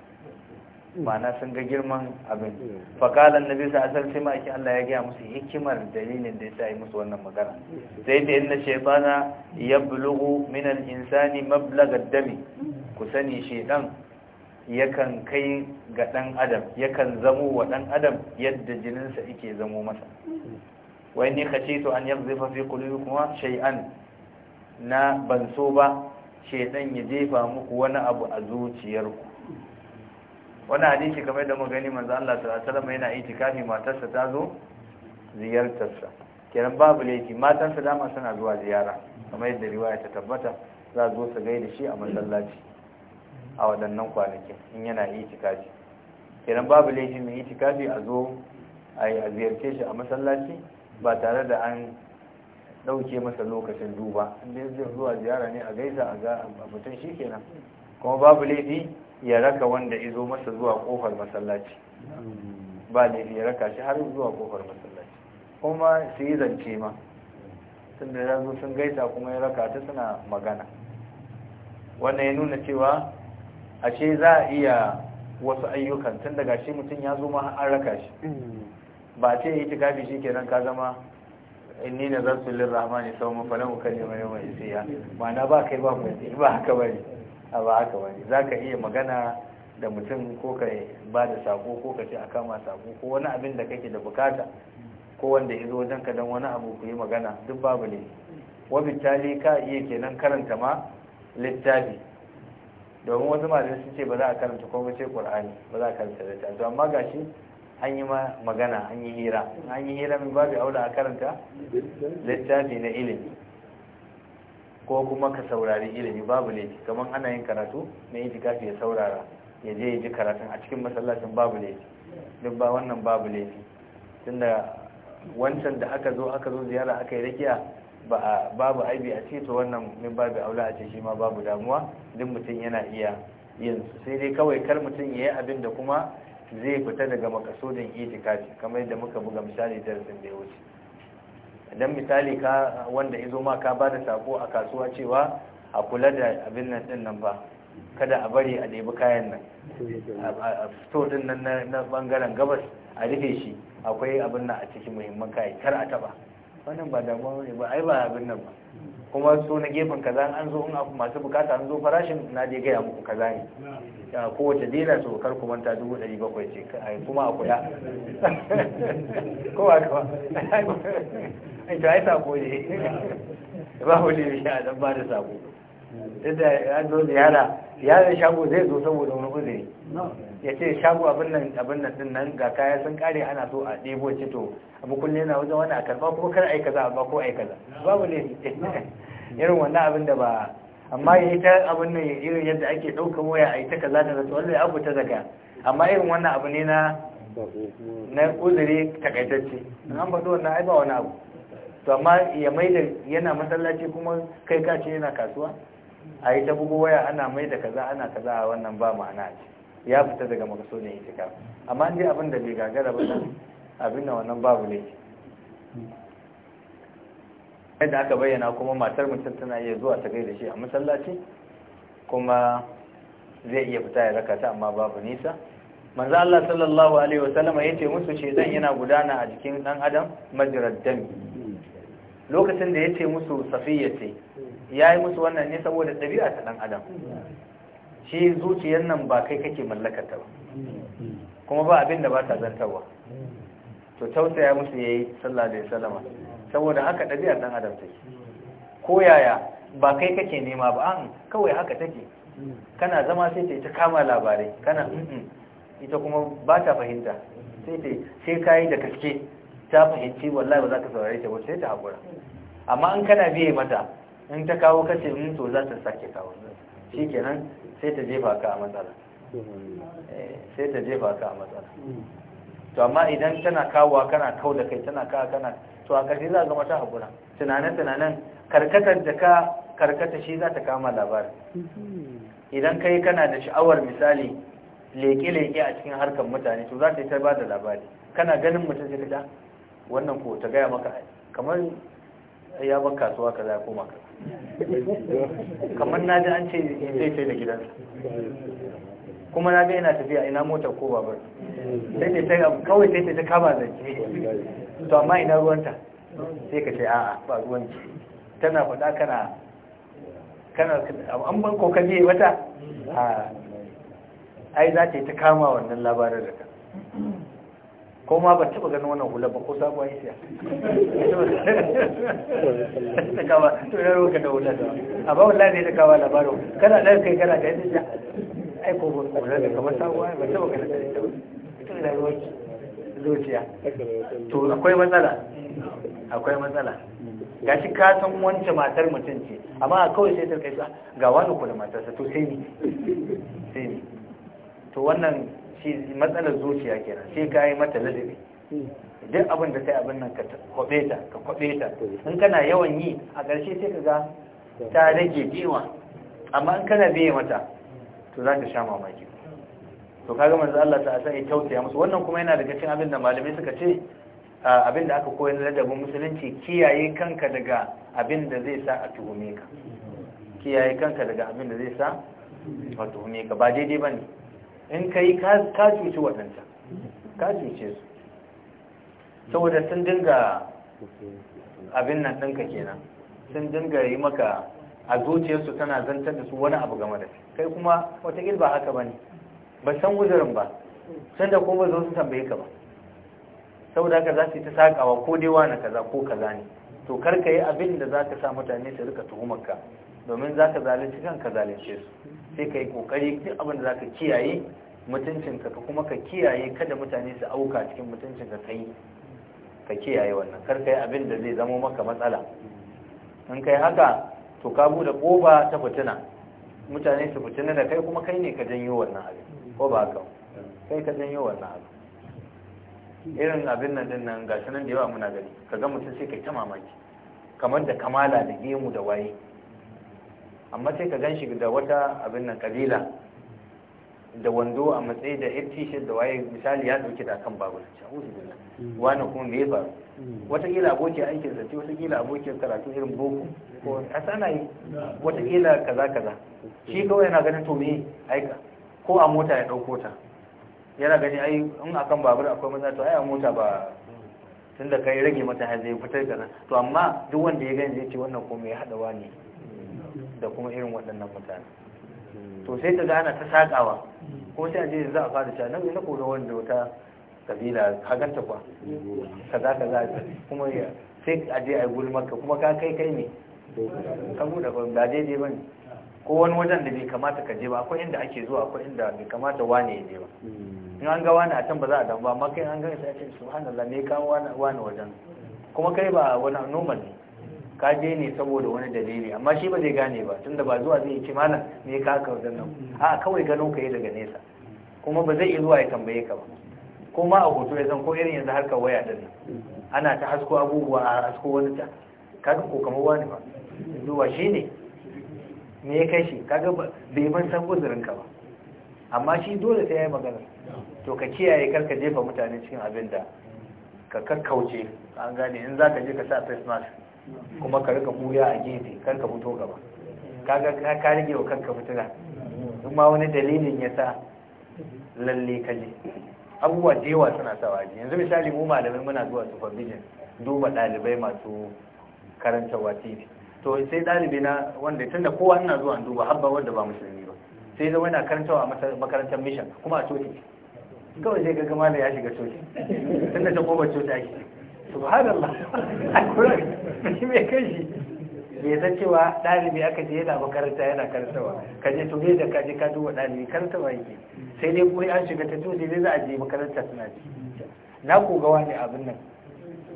ma'ana sun ga girman abin fakalan na bisa asal sai ma'aikin Allah ya gaya musu hikimar dalilin da yasa yi musu wannan magana sai da inna shaytana ya min al-insani mablagar ad-dami ku sani shaytan yakan kai ga ɗan adam yakan zamo wa dan adam yadda jininsa yake zamo masa wa inni to an yaqdhifa fi qulubikum shay'an na ban so ba shaytan ya jefa muku wani abu a zuciyarku Wani hadisi kamar da mu gani manzo Allah sallallahu alaihi wasallam yana itikafi matarsa ta zo ziyartarsa kiran babu laifi matarsa dama suna zuwa ziyara kamar yadda riwaya ta tabbata za zo su gaida shi a masallaci a waɗannan kwanakin in yana itikafi kiran babu laifi mai itikafi a zo a ziyarce shi a masallaci ba tare da an dauke masa lokacin duba inda zai zuwa ziyara ne a gaisa a ga mutum shi kenan kuma babu laifi ya raka wanda izo masa zuwa kofar masallaci ba ne ya raka shi har zuwa kofar masallaci kuma su yi zance ma sun da ya zo sun gaisa kuma ya raka ta suna magana wannan ya nuna cewa ashe za a iya wasu ayyukan tun daga shi mutum ya zo ma an raka shi ba ce yi ta gafi shi kenan ka zama inni na zartu lirrahmani sau mafalan ukar yamma yamma isiya ma'ana ba kai ba mai ba haka bari a ba haka wani za ka iya magana da mutum ko ka ba da sako ko ka ce a kama sako ko wani abin da kake da bukata ko wanda ya zo wajen ka don wani abu ku yi magana duk babu ne wabitali ka iya kenan karanta ma littafi domin wasu malamai sun ce ba za a karanta ko sai qur'ani ba za a karanta littafi to amma gashi an yi magana an yi hira an yi hira mai babu aula a karanta littafi na ilimi ko kuma ka saurari ilimi babu laifi kamar ana yin karatu na yi tikafi ya saurara ya je ya ji karatun a cikin masallacin babu laifi duk ba wannan babu laifi tunda wancan da aka zo aka zo ziyara aka yi rakiya ba a babu aibi a ce to wannan min babu aula a ce shi ma babu damuwa duk mutum yana iya yin sai dai kawai kar mutum ya yi abin da kuma zai fita daga makasudin itikafi kamar yadda muka buga misali darasin da ya wuce dan misali ka wanda zo ma ka bada sako a kasuwa cewa a kula da abin nan din nan ba kada a bari a ɗebi kayan nan a fito din nan na bangaren gabas a rufe shi akwai abin nan a cikin muhimman kayan kar a taba wannan ba damuwa ne ba ai ba abin nan ba kuma so na gefen kaza an zo in abu masu bukata an zo farashin na je gaya muku kaza ne kowace dela su kar ku manta dubu ɗari bakwai ce kuma a kuɗa kowa kawa ai ta yi sako ne ba ku ne a dan ba da sako yadda ya zo ziyara ziyara shago zai zo saboda wani uzuri ya ce shago abin nan abin nan din nan ga kaya sun kare ana so a ɗebo ce to abu kullum yana wajen wani a karɓa ko kar aika za a ba ko aika za babu ne irin wannan abin da ba amma ya yi ta abin nan irin yadda ake ɗauka waya a yi ta kaza da rasu abu ta daga amma irin wannan abu ne na na uzuri takaitacce in an faɗo wannan ai ba wani abu to amma ya mai da yana masallaci kuma kai ka ce yana kasuwa a yi ta bugu waya ana mai da kaza ana kaza a wannan ba ma'ana ce ya fita daga makasudin itikaf amma an je abin da bai gagara ba abin da wannan babu ne yadda aka bayyana kuma matar mutum tana iya zuwa ta gaida shi a masallaci kuma zai iya fita ya raka amma babu nisa manzo Allah sallallahu alaihi wasallama yace musu shi dan yana gudana a jikin dan adam majrad dam lokacin da yace musu safiya ce yayi musu wannan ne saboda dabi'a ta dan adam shi zuciyar nan ba kai kake mallakarta ba kuma ba abin da ba ta zartawa to tausaya musu yayi sallallahu alaihi wasallama saboda haka ɗabi'ar ɗan adam take ko yaya ba kai kake nema ba an kawai haka take kana zama sai ta yi kama labarai kana ita kuma ba ta fahimta sai ta sai ka da kaske ta fahimci wallahi ba za ka saurare ta ba sai ta haƙura amma an kana biye mata in ta kawo kace in mm, to za ta sake kawo shi kenan sai sai ta jefa ka a matsala eh, to amma idan tana kawowa kana kau da kai tana kawo kana to a ƙarshe za a gama ta haƙura tunanen-tunanen karkatar da ka karkata shi za ta kama labarin idan kai kana da sha'awar misali leƙe-leƙe a cikin harkar mutane to za ta yi ta ba da labari kana ganin mutum sai ta ah, wannan ko ta gaya maka kamar ya bar kasuwa za ya koma ka. kamar na ji an ce zai sai da gidansa kuma na ga yana tafiya ina mota ko babar sai ce ta kawai sai ta kama zance to amma ina ruwanta sai ka ce a'a ba ruwanki tana faɗa kana kana an ban ko kaje wata ai za ta yi ta kama wannan labarin da ka ko ma ba taba ganin wannan hula ba ko sabuwa isiya ta to ya roka da hula da a ba wallahi ne da kawa labaro kana da kai kana da yadda ai ko ba hula da kamar sabuwa ba taba ganin da ita ita da roki zuciya to akwai matsala akwai matsala gashi ka san wance matar mutum ce amma kawai sai ta kai ga wani kula matarsa to sai ni sai ni to wannan shi matsalar zuciya kenan sai ka yi mata ladabi duk abin da kai abin nan ka kwabe ta ka kwabe ta in kana yawan yi a ƙarshe sai ka ga ta rage kewa amma in kana biye mata to za ka sha mamaki to kaga manzo Allah ta asa ya tausaya musu wannan kuma yana daga cikin abin da malamai suka ce abin da aka koyar da ladabin musulunci kiyaye kanka daga abin da zai sa a tuhume ka kiyaye kanka daga abin da zai sa a tuhume ka ba daidai bane in ka yi ka cuci waɗanta ka cuce su saboda sun dinga abin nan ɗinka kenan sun dinga yi maka a zuciyarsu tana zantar da su wani abu game da kai kuma watakil ba haka ba ne ba san wuzurin ba sun da kuma zo su tambaye ka ba saboda haka za su yi ta saƙawa ko dai na kaza ko kaza ne to kar ka yi abin da za ka sa mutane su rika tuhumarka domin za ka zalunci kanka zalunce su sai ka yi kokari duk abin da za ka kiyaye mutuncinka ka kuma ka kiyaye kada mutane su auka cikin mutuncinka ka yi ka kiyaye wannan kar ka yi abin da zai zamo maka matsala in kai haka to ka bude koba ta fitina mutane su fitina da kai kuma kai ne ka janyo wannan abin ko ba haka kai ka janyo wannan abin irin abin nan din nan gashi nan da yawa muna gani ga mutum sai kai ta mamaki kamar da kamala da gemu da waye amma sai ka gan shi da wata abin nan kabila da wando a matsayi da iftishin da waye misali ya dauki da kan babu hmm. wani kuma me faru hmm. watakila abokin aikin zance watakila abokin karatu irin boko ko hasana hmm. yi kila kaza kaza shi kawai yana ganin to me aika ko a mota ya dauko ta yana gani ai in akan babur akwai maza to ai a mota ba tunda kai rage mata har zai fitar da to amma duk wanda ya gani zai ce wannan ko me hadawa ne da kuma irin waɗannan mutane to sai ta gana ta sakawa ko sai a je za a fara cewa nan na kora wanda wata kabila haganta kwa kaza kaza kuma sai a je a yi gulmarka kuma ka kai kai ne kan gudu da ba daidai ba ne ko wani wajen da bai kamata ka je ba akwai inda ake zuwa akwai inda bai kamata wane ya je ba in an ga wani a can ba za a damu ba amma kai an gani sai a ce subhanallah me ka wani wajen kuma kai ba wani normal ne ka je ne saboda wani dalili amma shi ba zai gane ba tunda ba zuwa zai ce malam me ka zan nan a kawai gano ka yi daga nesa kuma ba zai iya zuwa ya tambaye ka ba kuma a hoto ya san ko irin yanzu harkar waya din nan ana ta hasko abubuwa a hasko wani ta kaga ko kamar wani ba zuwa shi ne me ya kai shi kaga bai ban san guzurin ka ba amma shi dole sai ya yi magana to ka kiyaye kar ka jefa mutane cikin abin da ka kakkauce an gane in za ka je ka sa face mask kuma ka rika buya a gefe kar ka fito gaba kaga ka ka rage wa kanka fitina in ma wani dalilin ya sa lalle ka je abubuwa da yawa suna sawa ji yanzu misali mu malamai muna zuwa supervision duba ɗalibai masu karanta tv to sai ɗalibi na wanda tunda kowa ina zuwa duba habba wanda ba musulmi ba sai zama yana karantawa a makarantar mission kuma a coci kawai zai gaggama da ya shiga coci tunda ta koba coci ake subhanallah alkurani shi mai kashi bai san cewa ɗalibi aka je yana makaranta yana karsawa ka je to da ka je ka duba ɗalibi karsawa yake sai dai kuma an shiga ta tuje dai za a je makaranta suna ci na ku ga wani abin nan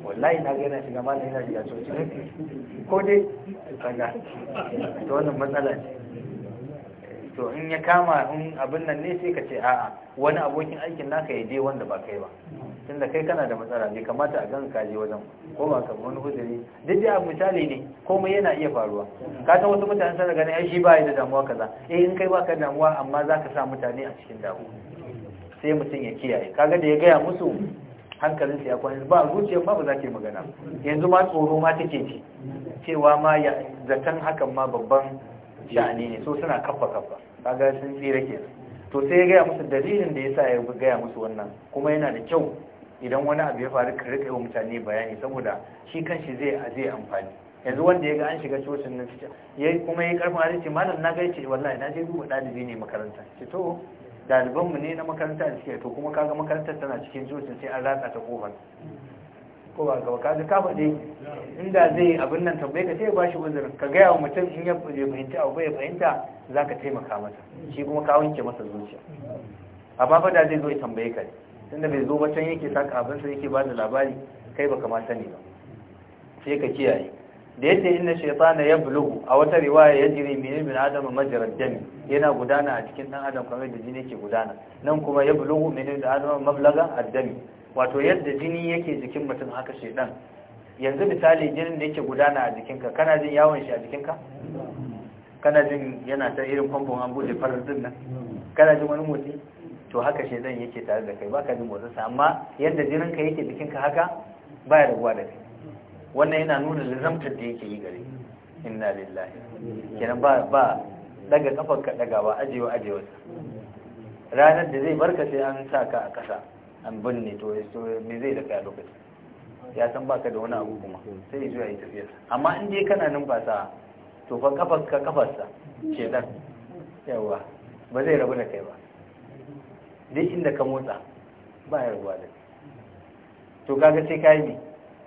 wallahi na ga yana shiga malam yana shiga coci ko dai kaga to wannan matsala ce to in ya kama in abin nan ne sai ka ce a'a wani abokin aikin naka ya je wanda ba kai ba tun da kai kana da matsala bai kamata a gan kaje wajen ko ba ka wani hujjari. duk da abu misali ne komai yana iya faruwa ka san wasu mutane sun daga ai shi ba da damuwa kaza eh in kai ba ka damuwa amma za ka sa mutane a cikin damuwa sai mutum ya kiyaye kaga da ya gaya musu hankalinsa ya kwanci ba zuciyar ba ba za yi magana yanzu ma tsoro ma take ci cewa ma ya zaton hakan ma babban sha'ani ne so suna kafa kafa kaga sun tsira ke to sai ya gaya musu dalilin da ya sa ya gaya musu wannan kuma yana da kyau idan wani abu ya faru ka rika wa mutane bayani saboda shi kanshi zai zai amfani yanzu wanda ya ga an shiga cocin nan cikin ya kuma ya karfin hali ce malam na gaice wallahi na je duba ɗalibi ne makaranta ce to ɗalibanmu ne na makaranta da suke to kuma kaga makarantar tana cikin cocin sai an ratsa ta kofar ko ba ka kaga ka faɗe inda zai abin nan tambaye ka sai ba shi uzurin ka gaya wa mutum in ya fahimci abu bai fahimta za ka taimaka masa shi kuma ka wanke masa zuciya amma fa da zai zo ya tambaye ka ne tunda bai zo ba can yake saka abinsa yake ba da labari kai baka ma sani ba sai ka kiyaye da yadda inna shaytana yablugu a wata riwaya yajri min ibn adam majrad dam yana gudana a cikin dan adam kamar da jini yake gudana nan kuma yablugu min da adam mablaga ad wato yadda jini yake jikin mutum haka shedan yanzu misali jinin da yake gudana a jikinka kana jin yawon shi a jikinka kana jin yana ta irin famfon an bude farar din nan kana jin wani motsi to haka shi zan yake tare da kai baka jin motsinsa amma yadda jinin ka yake jikinka haka baya rabuwa da kai wannan yana nuna lizamtar da yake yi gare inna lillahi kenan ba ba daga kafar ka daga ba ajewa ajewa ranar da zai barka sai an sa ka a kasa an binne to me zai da kai a ya san baka da wani abu kuma sai ya zo yi tafiya amma in dai kana numfasa to fa kafar ka kafarsa dan yawa ba zai rabu da kai ba dai inda ka motsa ba ya ruwa da to kaga sai kayi ne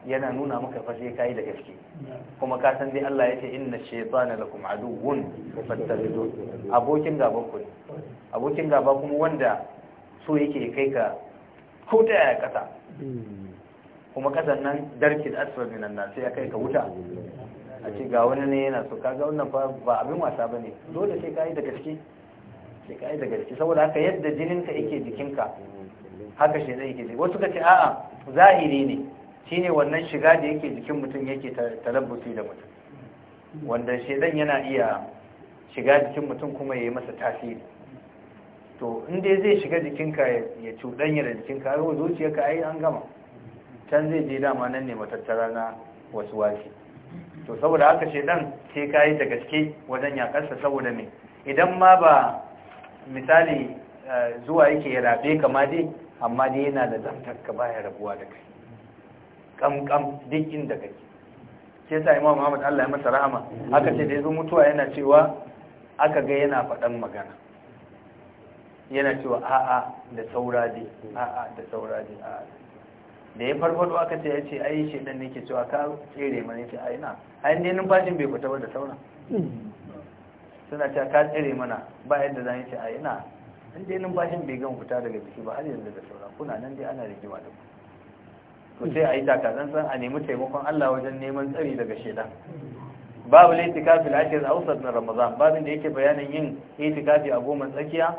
yana nuna maka fashe kayi da gaske kuma ka san dai Allah yake inna shaytana lakum aduwwun fattabidu abokin gaban ku ne abokin gaba kuma wanda so yake kai ka ko ta ya kasa kuma kasan nan darkin asfar min nan sai kai ka wuta a ce ga wani ne yana so kaga wannan fa ba abin wasa bane dole sai kayi da gaske sai yi daga gaske saboda haka yadda jininka yake jikinka haka shi zai yake wasu ka ce a'a zahiri ne shine wannan shiga da yake jikin mutum yake talabbuti da mutum wanda shedan yana iya shiga jikin mutum kuma ya yi masa tasiri to inda zai shiga jikinka ya cuɗanya da jikinka yi wa zuciyarka ai an gama can zai je dama nan ne matattara na wasu wasi to saboda haka shedan sai ka yi da gaske wajen yaƙarsa saboda mai idan ma ba misali eh, zuwa yake ya rabe kama dai amma dai yana da zantar ka baya rabuwa da kai kamkam duk inda kake sai sa imam Muhammad Allah ya masa rahama aka ce da yazo mutuwa yana cewa aka ga yana faɗan magana yana cewa a'a da saura dai a'a da saura dai a'a da ya farfado aka ce ya ce ai shedan ne ke cewa ka tsere mana ya ce ai na ai ne numfashin bai fita ba da saura suna cewa ka tsere mana ba yadda za ce a ina in dai bashin bai gama fita daga jiki ba har yanzu da saura kuna nan dai ana rigima da ku to sai a yi san a nemi taimakon Allah wajen neman tsari daga shaidan babu laitikafi da ake zausar na ramadan babin da yake bayanin yin itikafi a goma tsakiya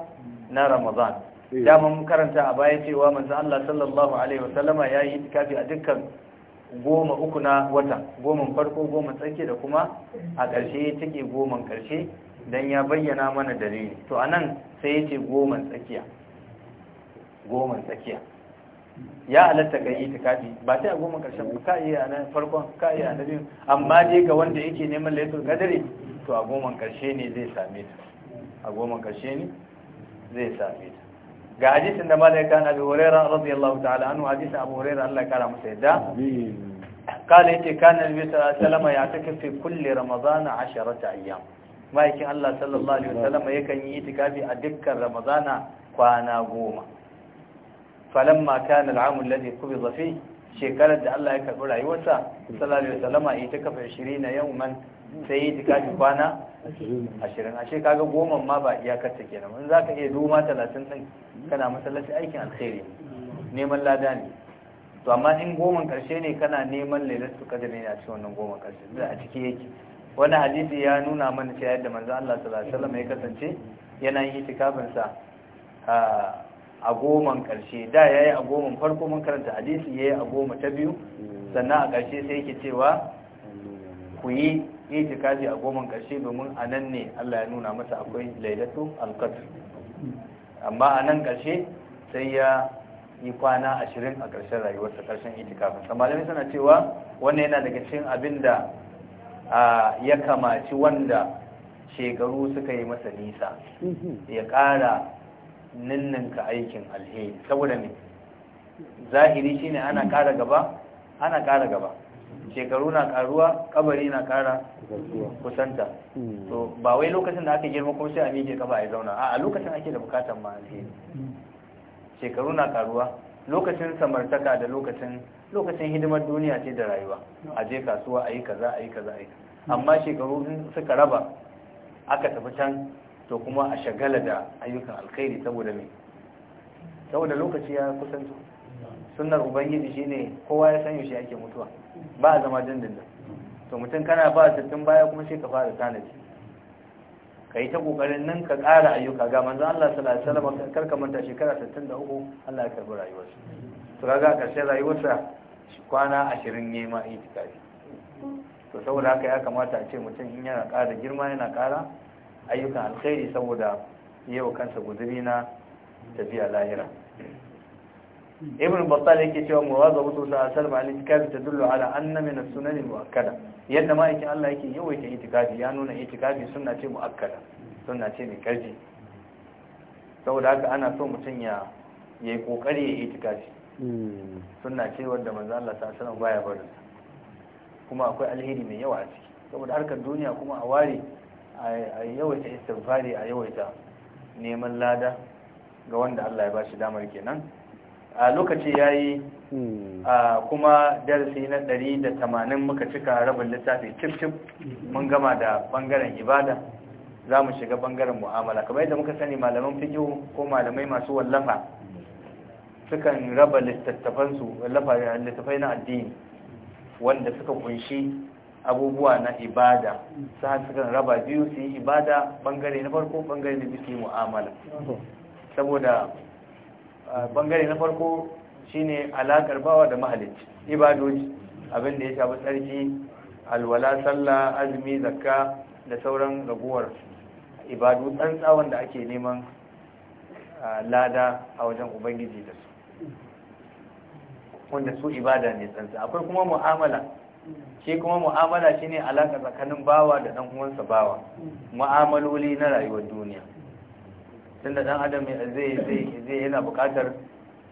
na ramadan eh. dama mun karanta a baya cewa manzo Allah sallallahu alaihi wa ya yayi itikafi a dukkan goma uku na wata goma farko goma tsakiya da kuma a ƙarshe take goma ƙarshe dan ya bayyana mana dalili to anan sai yace goma tsakiya goma tsakiya ya halatta yi tukafi ba sai a goma karshen ba ka a nan farkon ka a na biyu amma dai ga wanda yake neman laifin qadri to a goman karshe ne zai same ta a goman karshe ne zai same ta ga hadisin da malaika na Abi Hurairah radiyallahu ta'ala anu hadisin Abu Hurairah Allah ya kara masa yadda qala yake kana النبي sallallahu alaihi wasallam ya take fi kulli ramadana 10 ayyam ma'aikin Allah sallallahu alaihi wasallam yakan yi itikafi a dukkan ramadana kwana goma falamma kana al'amu alladhi qubida fi shekarar da Allah ya karbi rayuwarsa sallallahu alaihi wasallam itikafa 20 yawman sai itikafi kwana 20 ashe kaga goma ma ba iyakar ta kenan in zaka iya duma 30 din kana masallaci aikin alkhairi neman lada ne to amma in goman karshe ne kana neman lailatul qadr ne a cikin wannan goman karshe da a ciki yake wani hadisi ya nuna mana cewa yadda manzo Allah sallallahu alaihi wasallam ya kasance yana yin itikafin sa a goman karshe da yayi a goman farko mun karanta hadisi yayi a goma ta biyu sannan a karshe sai yake cewa ku yi itikafi a goman karshe domin anan ne Allah ya nuna masa akwai lailatu al-qadr amma a karshe sai ya yi kwana ashirin a karshen rayuwarsa karshen itikafin malamai suna cewa wannan yana daga cikin abinda. ya kamaci wanda shekaru suka yi masa nisa mm-hmm. ya ƙara ninninka aikin alheri saboda ne zahiri shine ana ƙara gaba ana ƙara gaba shekaru na karuwa kabari na kara kusanta mm. to ba wai lokacin da aka girma kuma sai a miƙe kaba a zauna a lokacin ake da bukatan ma alheri mm. shekaru na karuwa lokacin samartaka da lokacin lokacin hidimar duniya ce da rayuwa a je kasuwa a yi kaza a yi kaza a yi amma shekaru suka raba aka tafi can to kuma a shagala da ayyukan alkhairi saboda me saboda lokaci ya kusanto sunnar ubangiji shine kowa ya san yaushe ake mutuwa ba a zama dindindin to mutum kana ba sittin baya kuma sai ka fara tanaji ka yi ta kokarin nan ka ƙara ayyuka ga manzon Allah sallallahu alaihi wasallam karka manta shekara 63 Allah ya karbi rayuwarsa to kaga a ƙarshen rayuwarsa kwana ashirin ne ma itikafi to saboda haka ya kamata a ce mutum in yana ƙara girma yana ƙara ayyukan alkhairi saboda yau kansa guzuri na tafiya lahira ibn battal yake cewa muwazabatu sallallahu alaihi wasallam itikafi tadullu ala anna min as-sunan al-muakkada yadda ma yake Allah yake yawaita itikafi ya nuna itikafi sunna ce muakkada sunna ce mai karfi saboda haka ana so mutum ya yayi kokari ya itikafi suna ce wadda manzo Allah ta sanar baya barin kuma akwai alheri mai yawa a ciki saboda harkar duniya kuma a ware a yawaita istighfari a yawaita neman lada ga wanda Allah ya ba shi damar kenan a lokaci yayi hmm. a kuma darasi na ɗari da tamanin muka cika rabin littafi cif cif mun gama da bangaren ibada za mu shiga bangaren mu'amala kamar yadda muka sani malaman fiqh ko malamai masu wallafa sukan raba littattafansu littattafai na addini wanda suka kunshi abubuwa na ibada sai sukan raba biyu su yi ibada bangare na farko bangare na biyu mu'amala saboda bangare na farko shine alakar bawa da mahalicci ibadoji abin ya shafi tsarki alwala sallah azumi zakka da sauran raguwar ibadu tsantsa wanda ake neman lada a wajen ubangiji da su wanda su ibada ne tsantsa akwai kuma mu'amala shi kuma mu'amala ne alaka tsakanin bawa da dan uwansa bawa mu'amaloli na rayuwar duniya tunda dan adam zai zai zai yana buƙatar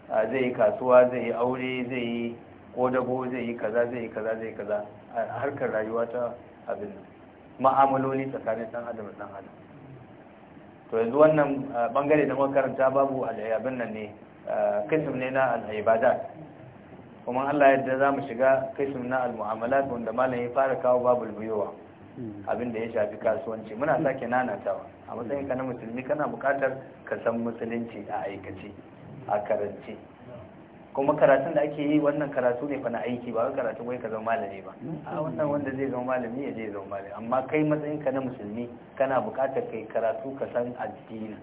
zai yi kasuwa zai yi aure zai yi kodago zai yi kaza zai yi kaza zai yi kaza harkar rayuwa ta abin ma'amaloli tsakanin dan adam da dan adam to yanzu wannan bangare da makaranta babu al'ayyabin nan ne kisim ne na al’aibadar kuma Allah yadda za mu shiga kisim na al’amalat wanda malam ya fara kawo babu biyowa abinda ya shafi kasuwanci muna sake nanatawa a matsayin ka na musulmi kana bukatar ka san musulunci a aikace a karance kuma karatun da ake yi wannan karatu ne fa na aiki ba wai karatu wai ka zama malami ba a wannan wanda zai zama malami ya zai zama malami amma kai matsayin ka na musulmi kana bukatar kai karatu ka san addini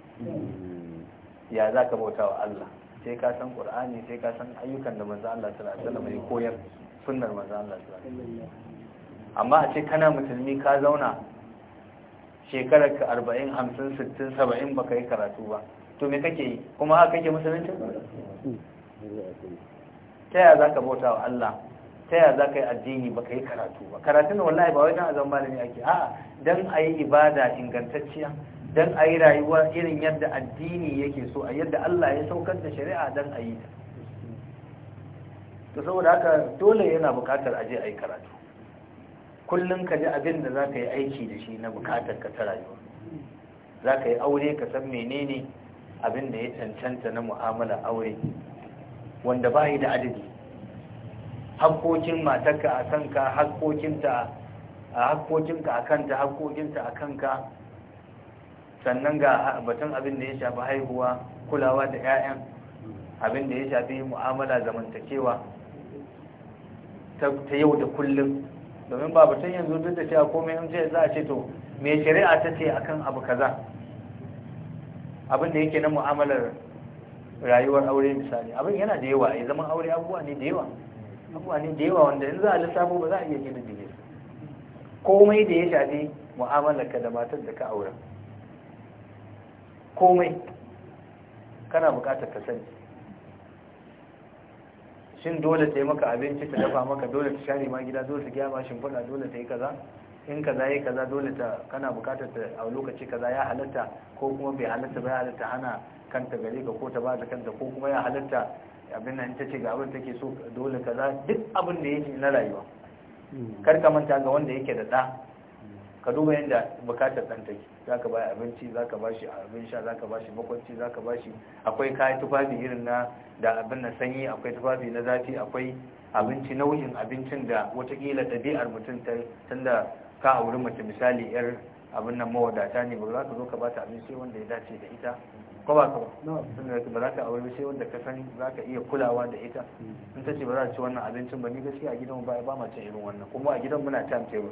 ya zaka bauta wa Allah sai ka san qur'ani sai ka san ayyukan da manzo Allah sallallahu alaihi wasallam ya koyar sunnar manzo Allah sallallahu alaihi wasallam amma a ce kana musulmi ka zauna shekarar ka 40 50 60 70 baka yi karatu ba to me kake yi kuma haka kake musulunci ta yaya zaka bauta wa Allah ta yaya zaka yi addini baka yi karatu ba karatun wallahi ba wai dan azan malami ake a'a dan ayi ibada ingantacciya don ayi rayuwa irin yadda addini yake so a yadda Allah ya saukar da shari'a don a yi ta to saboda haka dole yana bukatar aje a yi karatu kullum ka ji abin da za ka yi aiki da shi na bukatar ka ta rayuwa za ka yi aure ka san menene abin da ya cancanta na mu'amala aure wanda ba da adadi hakkokin matarka a kanka hakkokinta a akan a kanta hakkokinta a kanka sannan ga batun abin da ya shafi haihuwa kulawa da 'ya'yan abin da ya shafi mu'amala zamantakewa ta yau da kullum domin ba batun yanzu duk da cewa komai in ce za a ce to me shari'a ta ce akan abu kaza abin da yake na mu'amalar rayuwar aure misali abin yana da yawa ya zama aure abubuwa ne da yawa abubuwa ne da yawa wanda in za a lissafo ba za a iya gina jirgin. komai da ya shafi mu'amalar ka da matar da ka aura komai kana bukatar ka sani shin dole ta yi maka abinci ta dafa maka dole ta share ma gida dole ta shin shimfiɗa dole ta yi kaza in kaza yi kaza dole ta kana bukatar ta a lokaci kaza ya halatta ko kuma bai halatta ba ya halatta hana kanta gare ka ko ta ba da kanta ko kuma ya halatta abin nan ta ce ga abin take so dole kaza duk abin da yake na rayuwa kar ka manta ga wanda yake da da ka duba yadda bukatar ɗan take za ka ba abinci za ka ba shi abin sha za ka ba shi makwanci za ka ba shi akwai kayan tufafi irin na da abin na sanyi akwai tufafi na zafi akwai abinci nau'in abincin da watakila ɗabi'ar mutum tun da ka auri mace misali yar abin nan mawadata ne ba za ka zo ka ba ta abinci wanda ya dace da ita ko ba ka ba za ka auri sai wanda ka san za ka iya kulawa da ita mm. in ta ce ba za ta ci wannan abincin ba ni gaskiya a gidan ba ba ma ta irin wannan kuma a gidan muna time ba.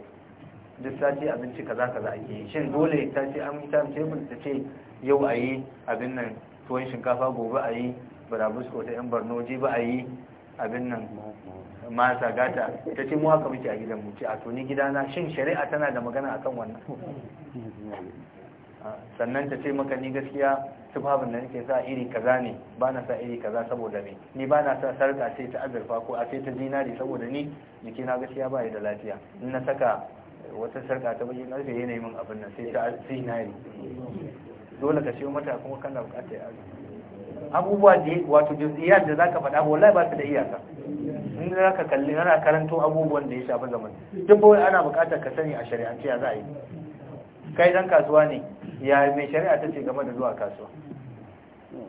duk ta ce abinci kaza kaza ake yi shin dole ta ce an yi time ta ce yau a yi abin nan tuwon shinkafa gobe a yi barabus ko ta yan barnoji ba a yi abin nan masa gata ta ce mu haka muke a gidan mu ce a tuni gidana shin shari'a tana da magana akan wannan sannan ta ce maka ni gaskiya tufafin da nake sa iri kaza ne ba na sa iri kaza saboda me ni ba na sa sarka sai ta azurfa ko a sai ta zinari saboda ni na gaskiya ba da lafiya in na saka wata sarka ta bayyana da ya nemi abin nan sai ta sai na yi dole ka siyo mata kuma kana bukatar yaro abubuwa da wato juz'iyat da zaka faɗa wallahi ba su da iyaka in za ka kalli ana karanto abubuwan da ya shafi zaman duk bawai ana bukatar ka sani a shari'ance ya za a yi kai dan kasuwa ne ya mai shari'a ta ce game da zuwa kasuwa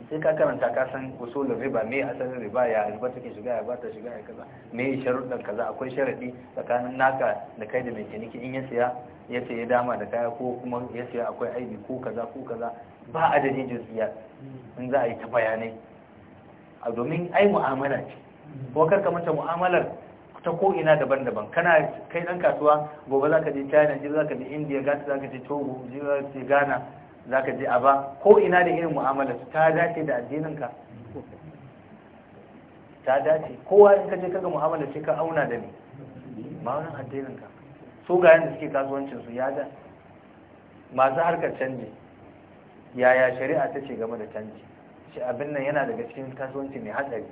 sai ka karanta ka san usulul riba me asalin riba ya riba take shiga ya bata shiga ya kaza me sharuɗan kaza akwai sharaɗi tsakanin naka da kai da mai ciniki in ya siya ya siya dama da kaya ko kuma ya siya akwai aibi ko kaza ko kaza ba adadin jinsiya in za a yi ta bayanai a domin ai mu'amala ce kar ka mace mu'amalar ta ko ina daban-daban kana kai ɗan kasuwa gobe za ka je china jiya za ka je india gata za ka je togo jiya za ka je ghana za ka je a ba ko ina da irin mu'amala ta dace da addininka ta dace kowa in ka je kaga mu'amala sai ka auna da ni ma'aunin addininka su ga yadda suke kasuwancinsu ya da masu harkar canji yaya shari'a ta ce game da canji shi abin nan yana daga cikin kasuwanci mai hatsari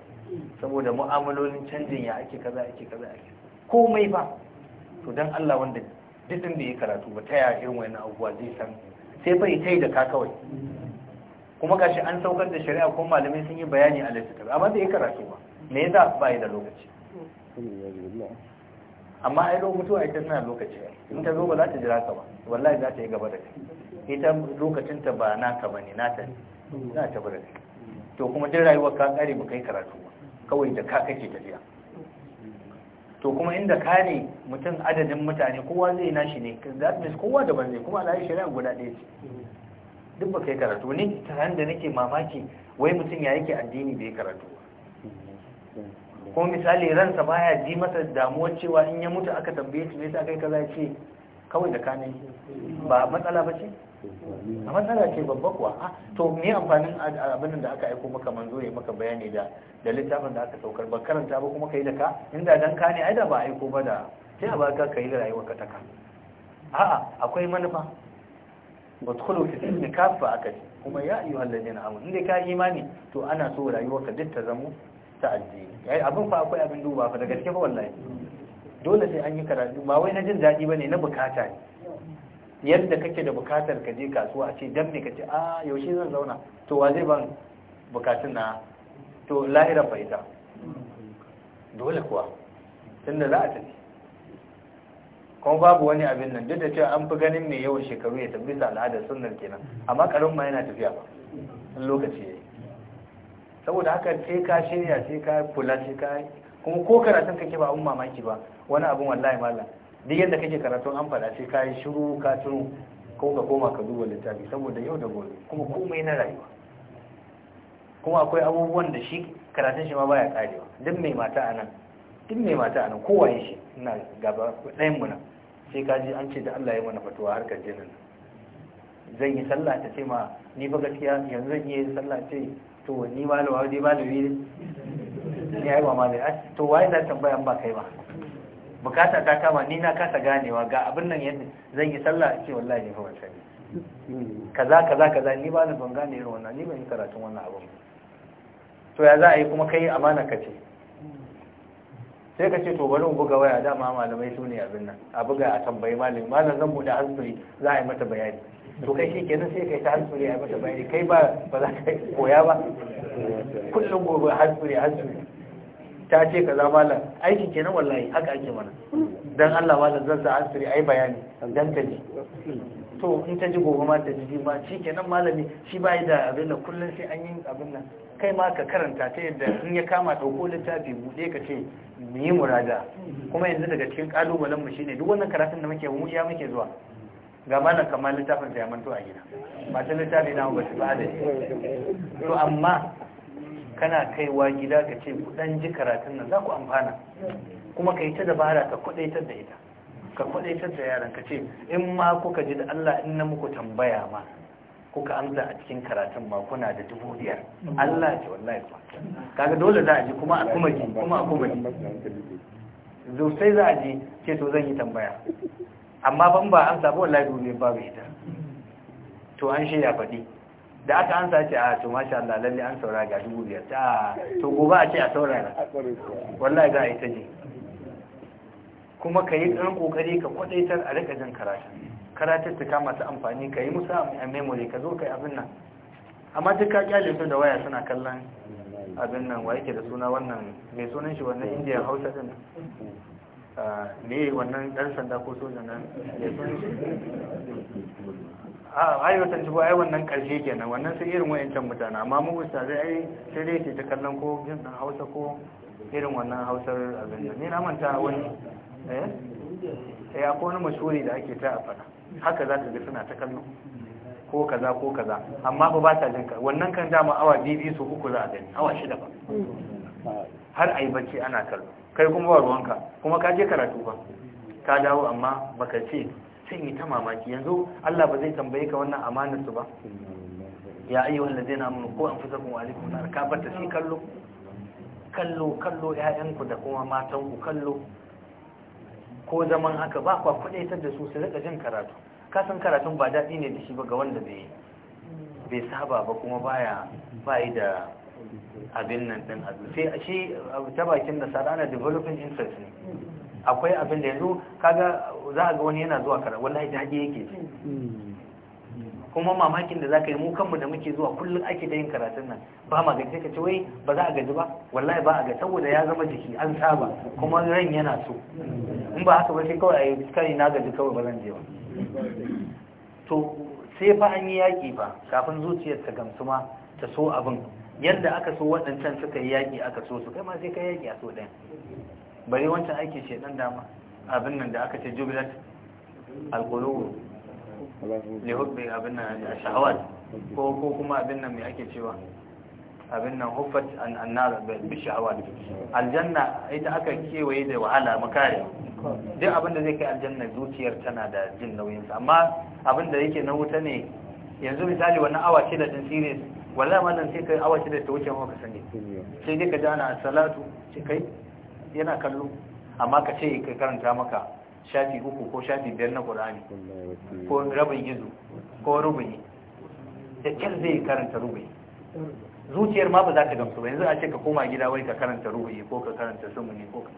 saboda mu'amalolin canjin ya ake kaza ake kaza ake komai ba to don Allah wanda duk da ya karatu ba ta yaya irin wani abubuwa zai san sai fa ita yi da ka kawai kuma gashi an saukar da shari'a ko malamai sun yi bayani a littattafi amma sai yi karatu ba me yasa ba yi da lokaci amma ai lokacin mutuwa ita tana lokaci in ta zo ba za ta jira ka ba wallahi za ta yi gaba da kai ita lokacin ta ba ka bane na ta za ta bar kai to kuma duk rayuwar ka kare ba kai karatu ba kawai da ka kake tafiya to kuma inda ka ne mutum adadin mutane kowa zai nashi ne that means kowa daban zai kuma alayi shari'a guda ɗaya ce duk ba kai karatu ne taron da nake mamaki wai mutum ya yake addini bai karatu ko misali ransa baya ji masa damuwar cewa in ya mutu aka tambaye shi ne sa kai kaza ce kawai da ne. ba matsala ba ce a matsala ce babba kuwa ah, a to ne amfanin abin da aka aiko maka manzo ya maka bayani da da littafin da aka saukar ba karanta ba kuma kai da ka inda dan ka ne ai da ba aiko ba da sai a baka kai da rayuwar ka ta ka a'a akwai manufa wadkhulu fi ne kafa aka ce kuma ya ayyuhal ladina amanu inda ka imani to ana so rayuwar ka duk ta zamo ta addini yayi abin fa akwai abin duba fa da gaske fa wallahi dole sai an yi karatu ba wai na jin daɗi bane na bukata ne yadda kake da bukatar ka je kasuwa a ce dan ka ce a ah, yaushe zan zauna to wa zai ban bukatun na to lahira faida dole kuwa tunda za a tafi kuma babu wani abin nan duk da cewa an fi ganin mai yawan shekaru ya tafi bisa al'adar sunnar kenan amma karin ma yana tafiya ba lokaci yayi saboda haka sai ka shirya sai ka kula sai ka kuma ko karatun kake ba abun mamaki ba wani abun wallahi mallam duk yadda kake karatun an fada sai ka yi shiru ka tunu ko ka koma ka duba littafi saboda yau da gobe kuma komai na rayuwa kuma akwai abubuwan da shi karatun shi ma baya karewa duk mai mata a nan duk mai mata a nan kowaye shi ina gaba ɗayan mu sai ka ji an ce da Allah ya mana fatuwa harkar jinin zan yi sallah ta ce ma ni ba gaskiya yanzu zan iya yin sallah ce to ni malama dai malami ne ni ai ba ne? to wai na tambaya ba kai ba bukata ta kama ni na kasa ganewa ga abin nan yadda zan yi sallah ce wallahi ne fa wancan kaza kaza kaza ni ba na ban gane irin wannan ni ban yi karatun wannan abin to ya za a yi kuma kai amana ka ce sai ka ce to bari mu buga waya dama malamai su ne abin nan a buga a tambayi malami malam zan bude hasbiri za a yi mata bayani to kai shi kenan sai kai ta hasbiri a yi mata bayani kai ba ba za ka koya ba kullum gobe hasbiri hasbiri ta ce ka za malam aikin kenan wallahi haka ake mana dan Allah malam zan sa asiri ai bayani dan ta to in ta ji gobe ma ta ji ma kenan malami shi bai da abin da kullun sai an yi abin nan kai ma ka karanta ta yadda in ya kama dauko littafi buɗe ka ce mu yi murada kuma yanzu daga cikin kalubalen mu shine duk wannan karatun da muke mu iya muke zuwa ga malam kamar littafin sai ya a gida ba ta littafi na ba su ba da to amma kana kaiwa gida ka ce ku dan ji karatun nan za ku amfana kuma ka yi ta dabara ka kudaitar da ita ka kudaitar da yaran ka ce in ma kuka ji da Allah in na muku tambaya ma kuka amsa a cikin karatun ma kuna da dubu biyar Allah ce wallahi ba kaga dole za a ji kuma a kuma ji kuma a kuma ji sosai za a ji ce to zan yi tambaya amma ban ba amsa ba wallahi dole babu ita to an shirya faɗi da aka ansa ce a ah, to masha Allah lalle an saura ga dubu biyar ta to gobe a ce a saurara wallahi za a yi ta ji kuma ka yi ɗan ƙoƙari ka kwaɗaitar a rika jin karatu kama masu amfani ka yi musu a memory ka zo ka yi abin nan amma duk ka kyale su da waya suna kallon abin nan wa yake da suna wannan mai sunan shi wannan indiya hausa din ah, me wannan ɗan sanda ko soja nan mai sunan shi a ai wata jibo ai wannan karshe kenan wannan sai irin wayancan mutane amma mu zai ai sai dai ke ta kallon ko jin dan Hausa ko irin wannan Hausar abin nan ni na manta wani eh ya eh, akwai wani mashuri da ake ta a fara haka za ka ga suna ta kallon ko kaza ko kaza amma ba ba ta jin ka wannan kan dama awa bibi su uku za a gani awa shida ba har ai bacci ana kallo kai kuma ba ruwanka kuma ka je karatu ba ka dawo amma baka ce sai yi ta mamaki yanzu Allah ba zai tambaye ka wannan amanar su ba ya ayyuhal ladina ko an fi wa alaykum nar ka barta shi kallo kallo kallo ƴaƴanku da kuma matanku kallo ko zaman haka ba kwa ta da su su rika jin karatu ka san karatun ba daɗi ne da shi ba ga wanda bai bai saba ba kuma baya bai da abin nan din abu sai shi ta bakin nasara ana developing interest ne akwai abin da yanzu kaga za a ga wani yana zuwa karatu wallahi da haji yake ji kuma mamakin da za ka yi mu kanmu da muke zuwa kullum ake da yin karatun nan ba ma gaji ka ce wai ba za a gaji ba wallahi ba a ga saboda ya zama jiki an saba kuma ran yana so in ba haka ba sai kawai ayi kai na gaji kawai ba zan je ba to sai fa an yi yaƙi ba kafin zuciyar ta gamsu ma ta so abin yadda aka so waɗancan suka yi yaƙi aka so su kai ma sai ka yaƙi a so ɗaya bari wancan aikin dan dama abin nan da aka ce jubilat ne lihubbi abin nan a sha'awat ko kuma abin nan mai ake cewa abin nan huffat annar bi sha'awat aljanna ita aka kewaye da wahala makariya duk abin da zai kai aljanna zuciyar tana da jin nauyin sa amma abin da yake na wuta ne yanzu misali wannan awa shida din tsire wallahi wannan sai kai awa shida ta wuce maka sani sai dai ka ji ana salatu sai kai yana kallo amma ka ce ka karanta maka shafi uku ko shafi biyar na ƙulani ko rabin izu ko rubin da kyar zai karanta rubin zuciyar ma ba za ta gamsu ba yanzu a ce ka koma gida wai ka karanta rubin ko ka karanta sumuni ko ka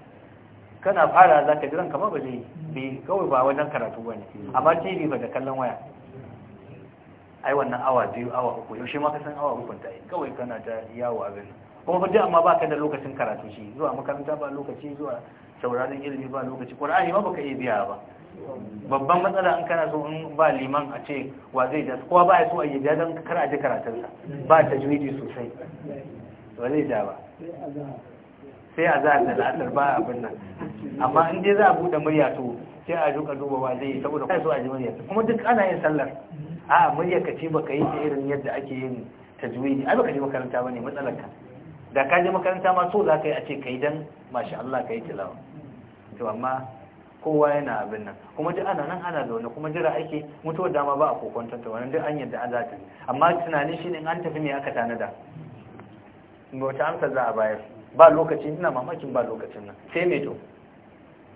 kana fara za ka jiran kama ba zai bi kawai ba wajen karatu ba ne amma tv ba da kallon waya ai wannan awa biyu awa uku yaushe ma ka san awa uku ta yi kawai kana ta yawo a gani kuma fa amma ba ka da lokacin karatu shi zuwa makaranta ba lokaci zuwa sauraron ilimi ba lokaci ƙwararri ba ka iya biya ba babban matsala an kana so in ba liman a ce wa zai da kowa ba ya so a yi biya don kar a ji karatunsa ba ta juhidi sosai ba zai ja ba sai a za a zalatar ba abin nan amma in dai za a buɗe murya to sai a duka duba wa zai saboda kai so a ji murya kuma duk ana yin sallar a murya ka ce baka yi ta irin yadda ake yin tajwidi ai baka je makaranta bane matsalar ka da ka je makaranta ma so za ka yi a ce ka yi don mashi Allah ka yi tilawa to amma kowa yana abin nan kuma duk ana nan ana zaune kuma jira ake mutuwar dama ba a kokon ta wannan duk an yadda an zata amma tunanin shi ne an tafi ne aka tanada wata amsa za a bayar ba lokacin ina mamakin ba lokacin nan sai me to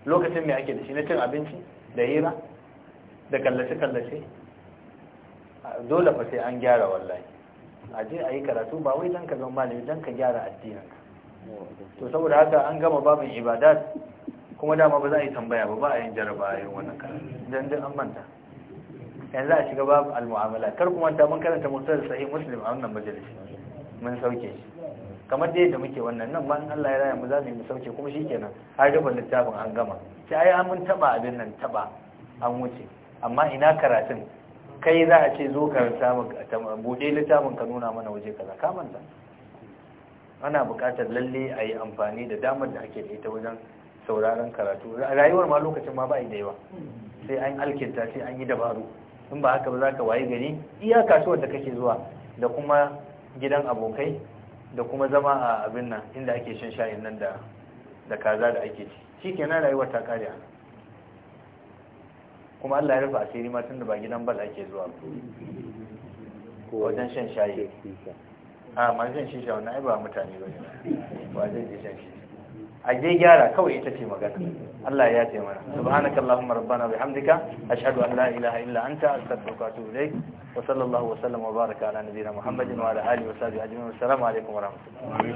lokacin me ake da shi na cin abinci da hira da kallace kallace dole fa sai an gyara wallahi a je a yi karatu ba wai don ka zama malami don ka gyara addinin to saboda haka an gama babin ibadat kuma dama ba za a yi tambaya ba ba a yin jaraba a yin wannan karatu don duk an manta yanzu a shiga babu almu'amala kar kuma ta mun karanta da sahih muslim a wannan majalisi mun sauke shi kamar dai da muke wannan nan ban Allah ya raya mu za mu sauke kuma shikenan har da littafin an gama sai ai an mun taba abin nan taba an wuce amma ina karatun kai za a ce zo karanta buɗe littafin ka nuna mana waje kaza ka manta ana buƙatar lalle a yi amfani da damar da ake da ita wajen sauraron karatu rayuwar ma lokacin ma ba da yawa sai an alkinta sai an yi dabaru in ba haka ba za ka waye gari iya kasuwar da kake zuwa da kuma gidan abokai da kuma zama a abin nan inda ake shan shayin nan da kaza da ake ci shi kenan rayuwar ta kare kuma Allah ya rufe asiri ma tun da ba gidan bal ake zuwa ko wajen shan shayi a ma shan shisha wannan ai ba mutane ba ne wajen je shan shisha a je gyara kawai ita ce magana Allah ya ce mana allahumma rabbana bihamdika ashhadu an la ilaha illa anta astaghfiruka wa atubu ilayk wa sallallahu wa sallama wa baraka ala nabiyyina muhammadin wa ala alihi wa sahbihi ajma'in assalamu alaikum wa rahmatullahi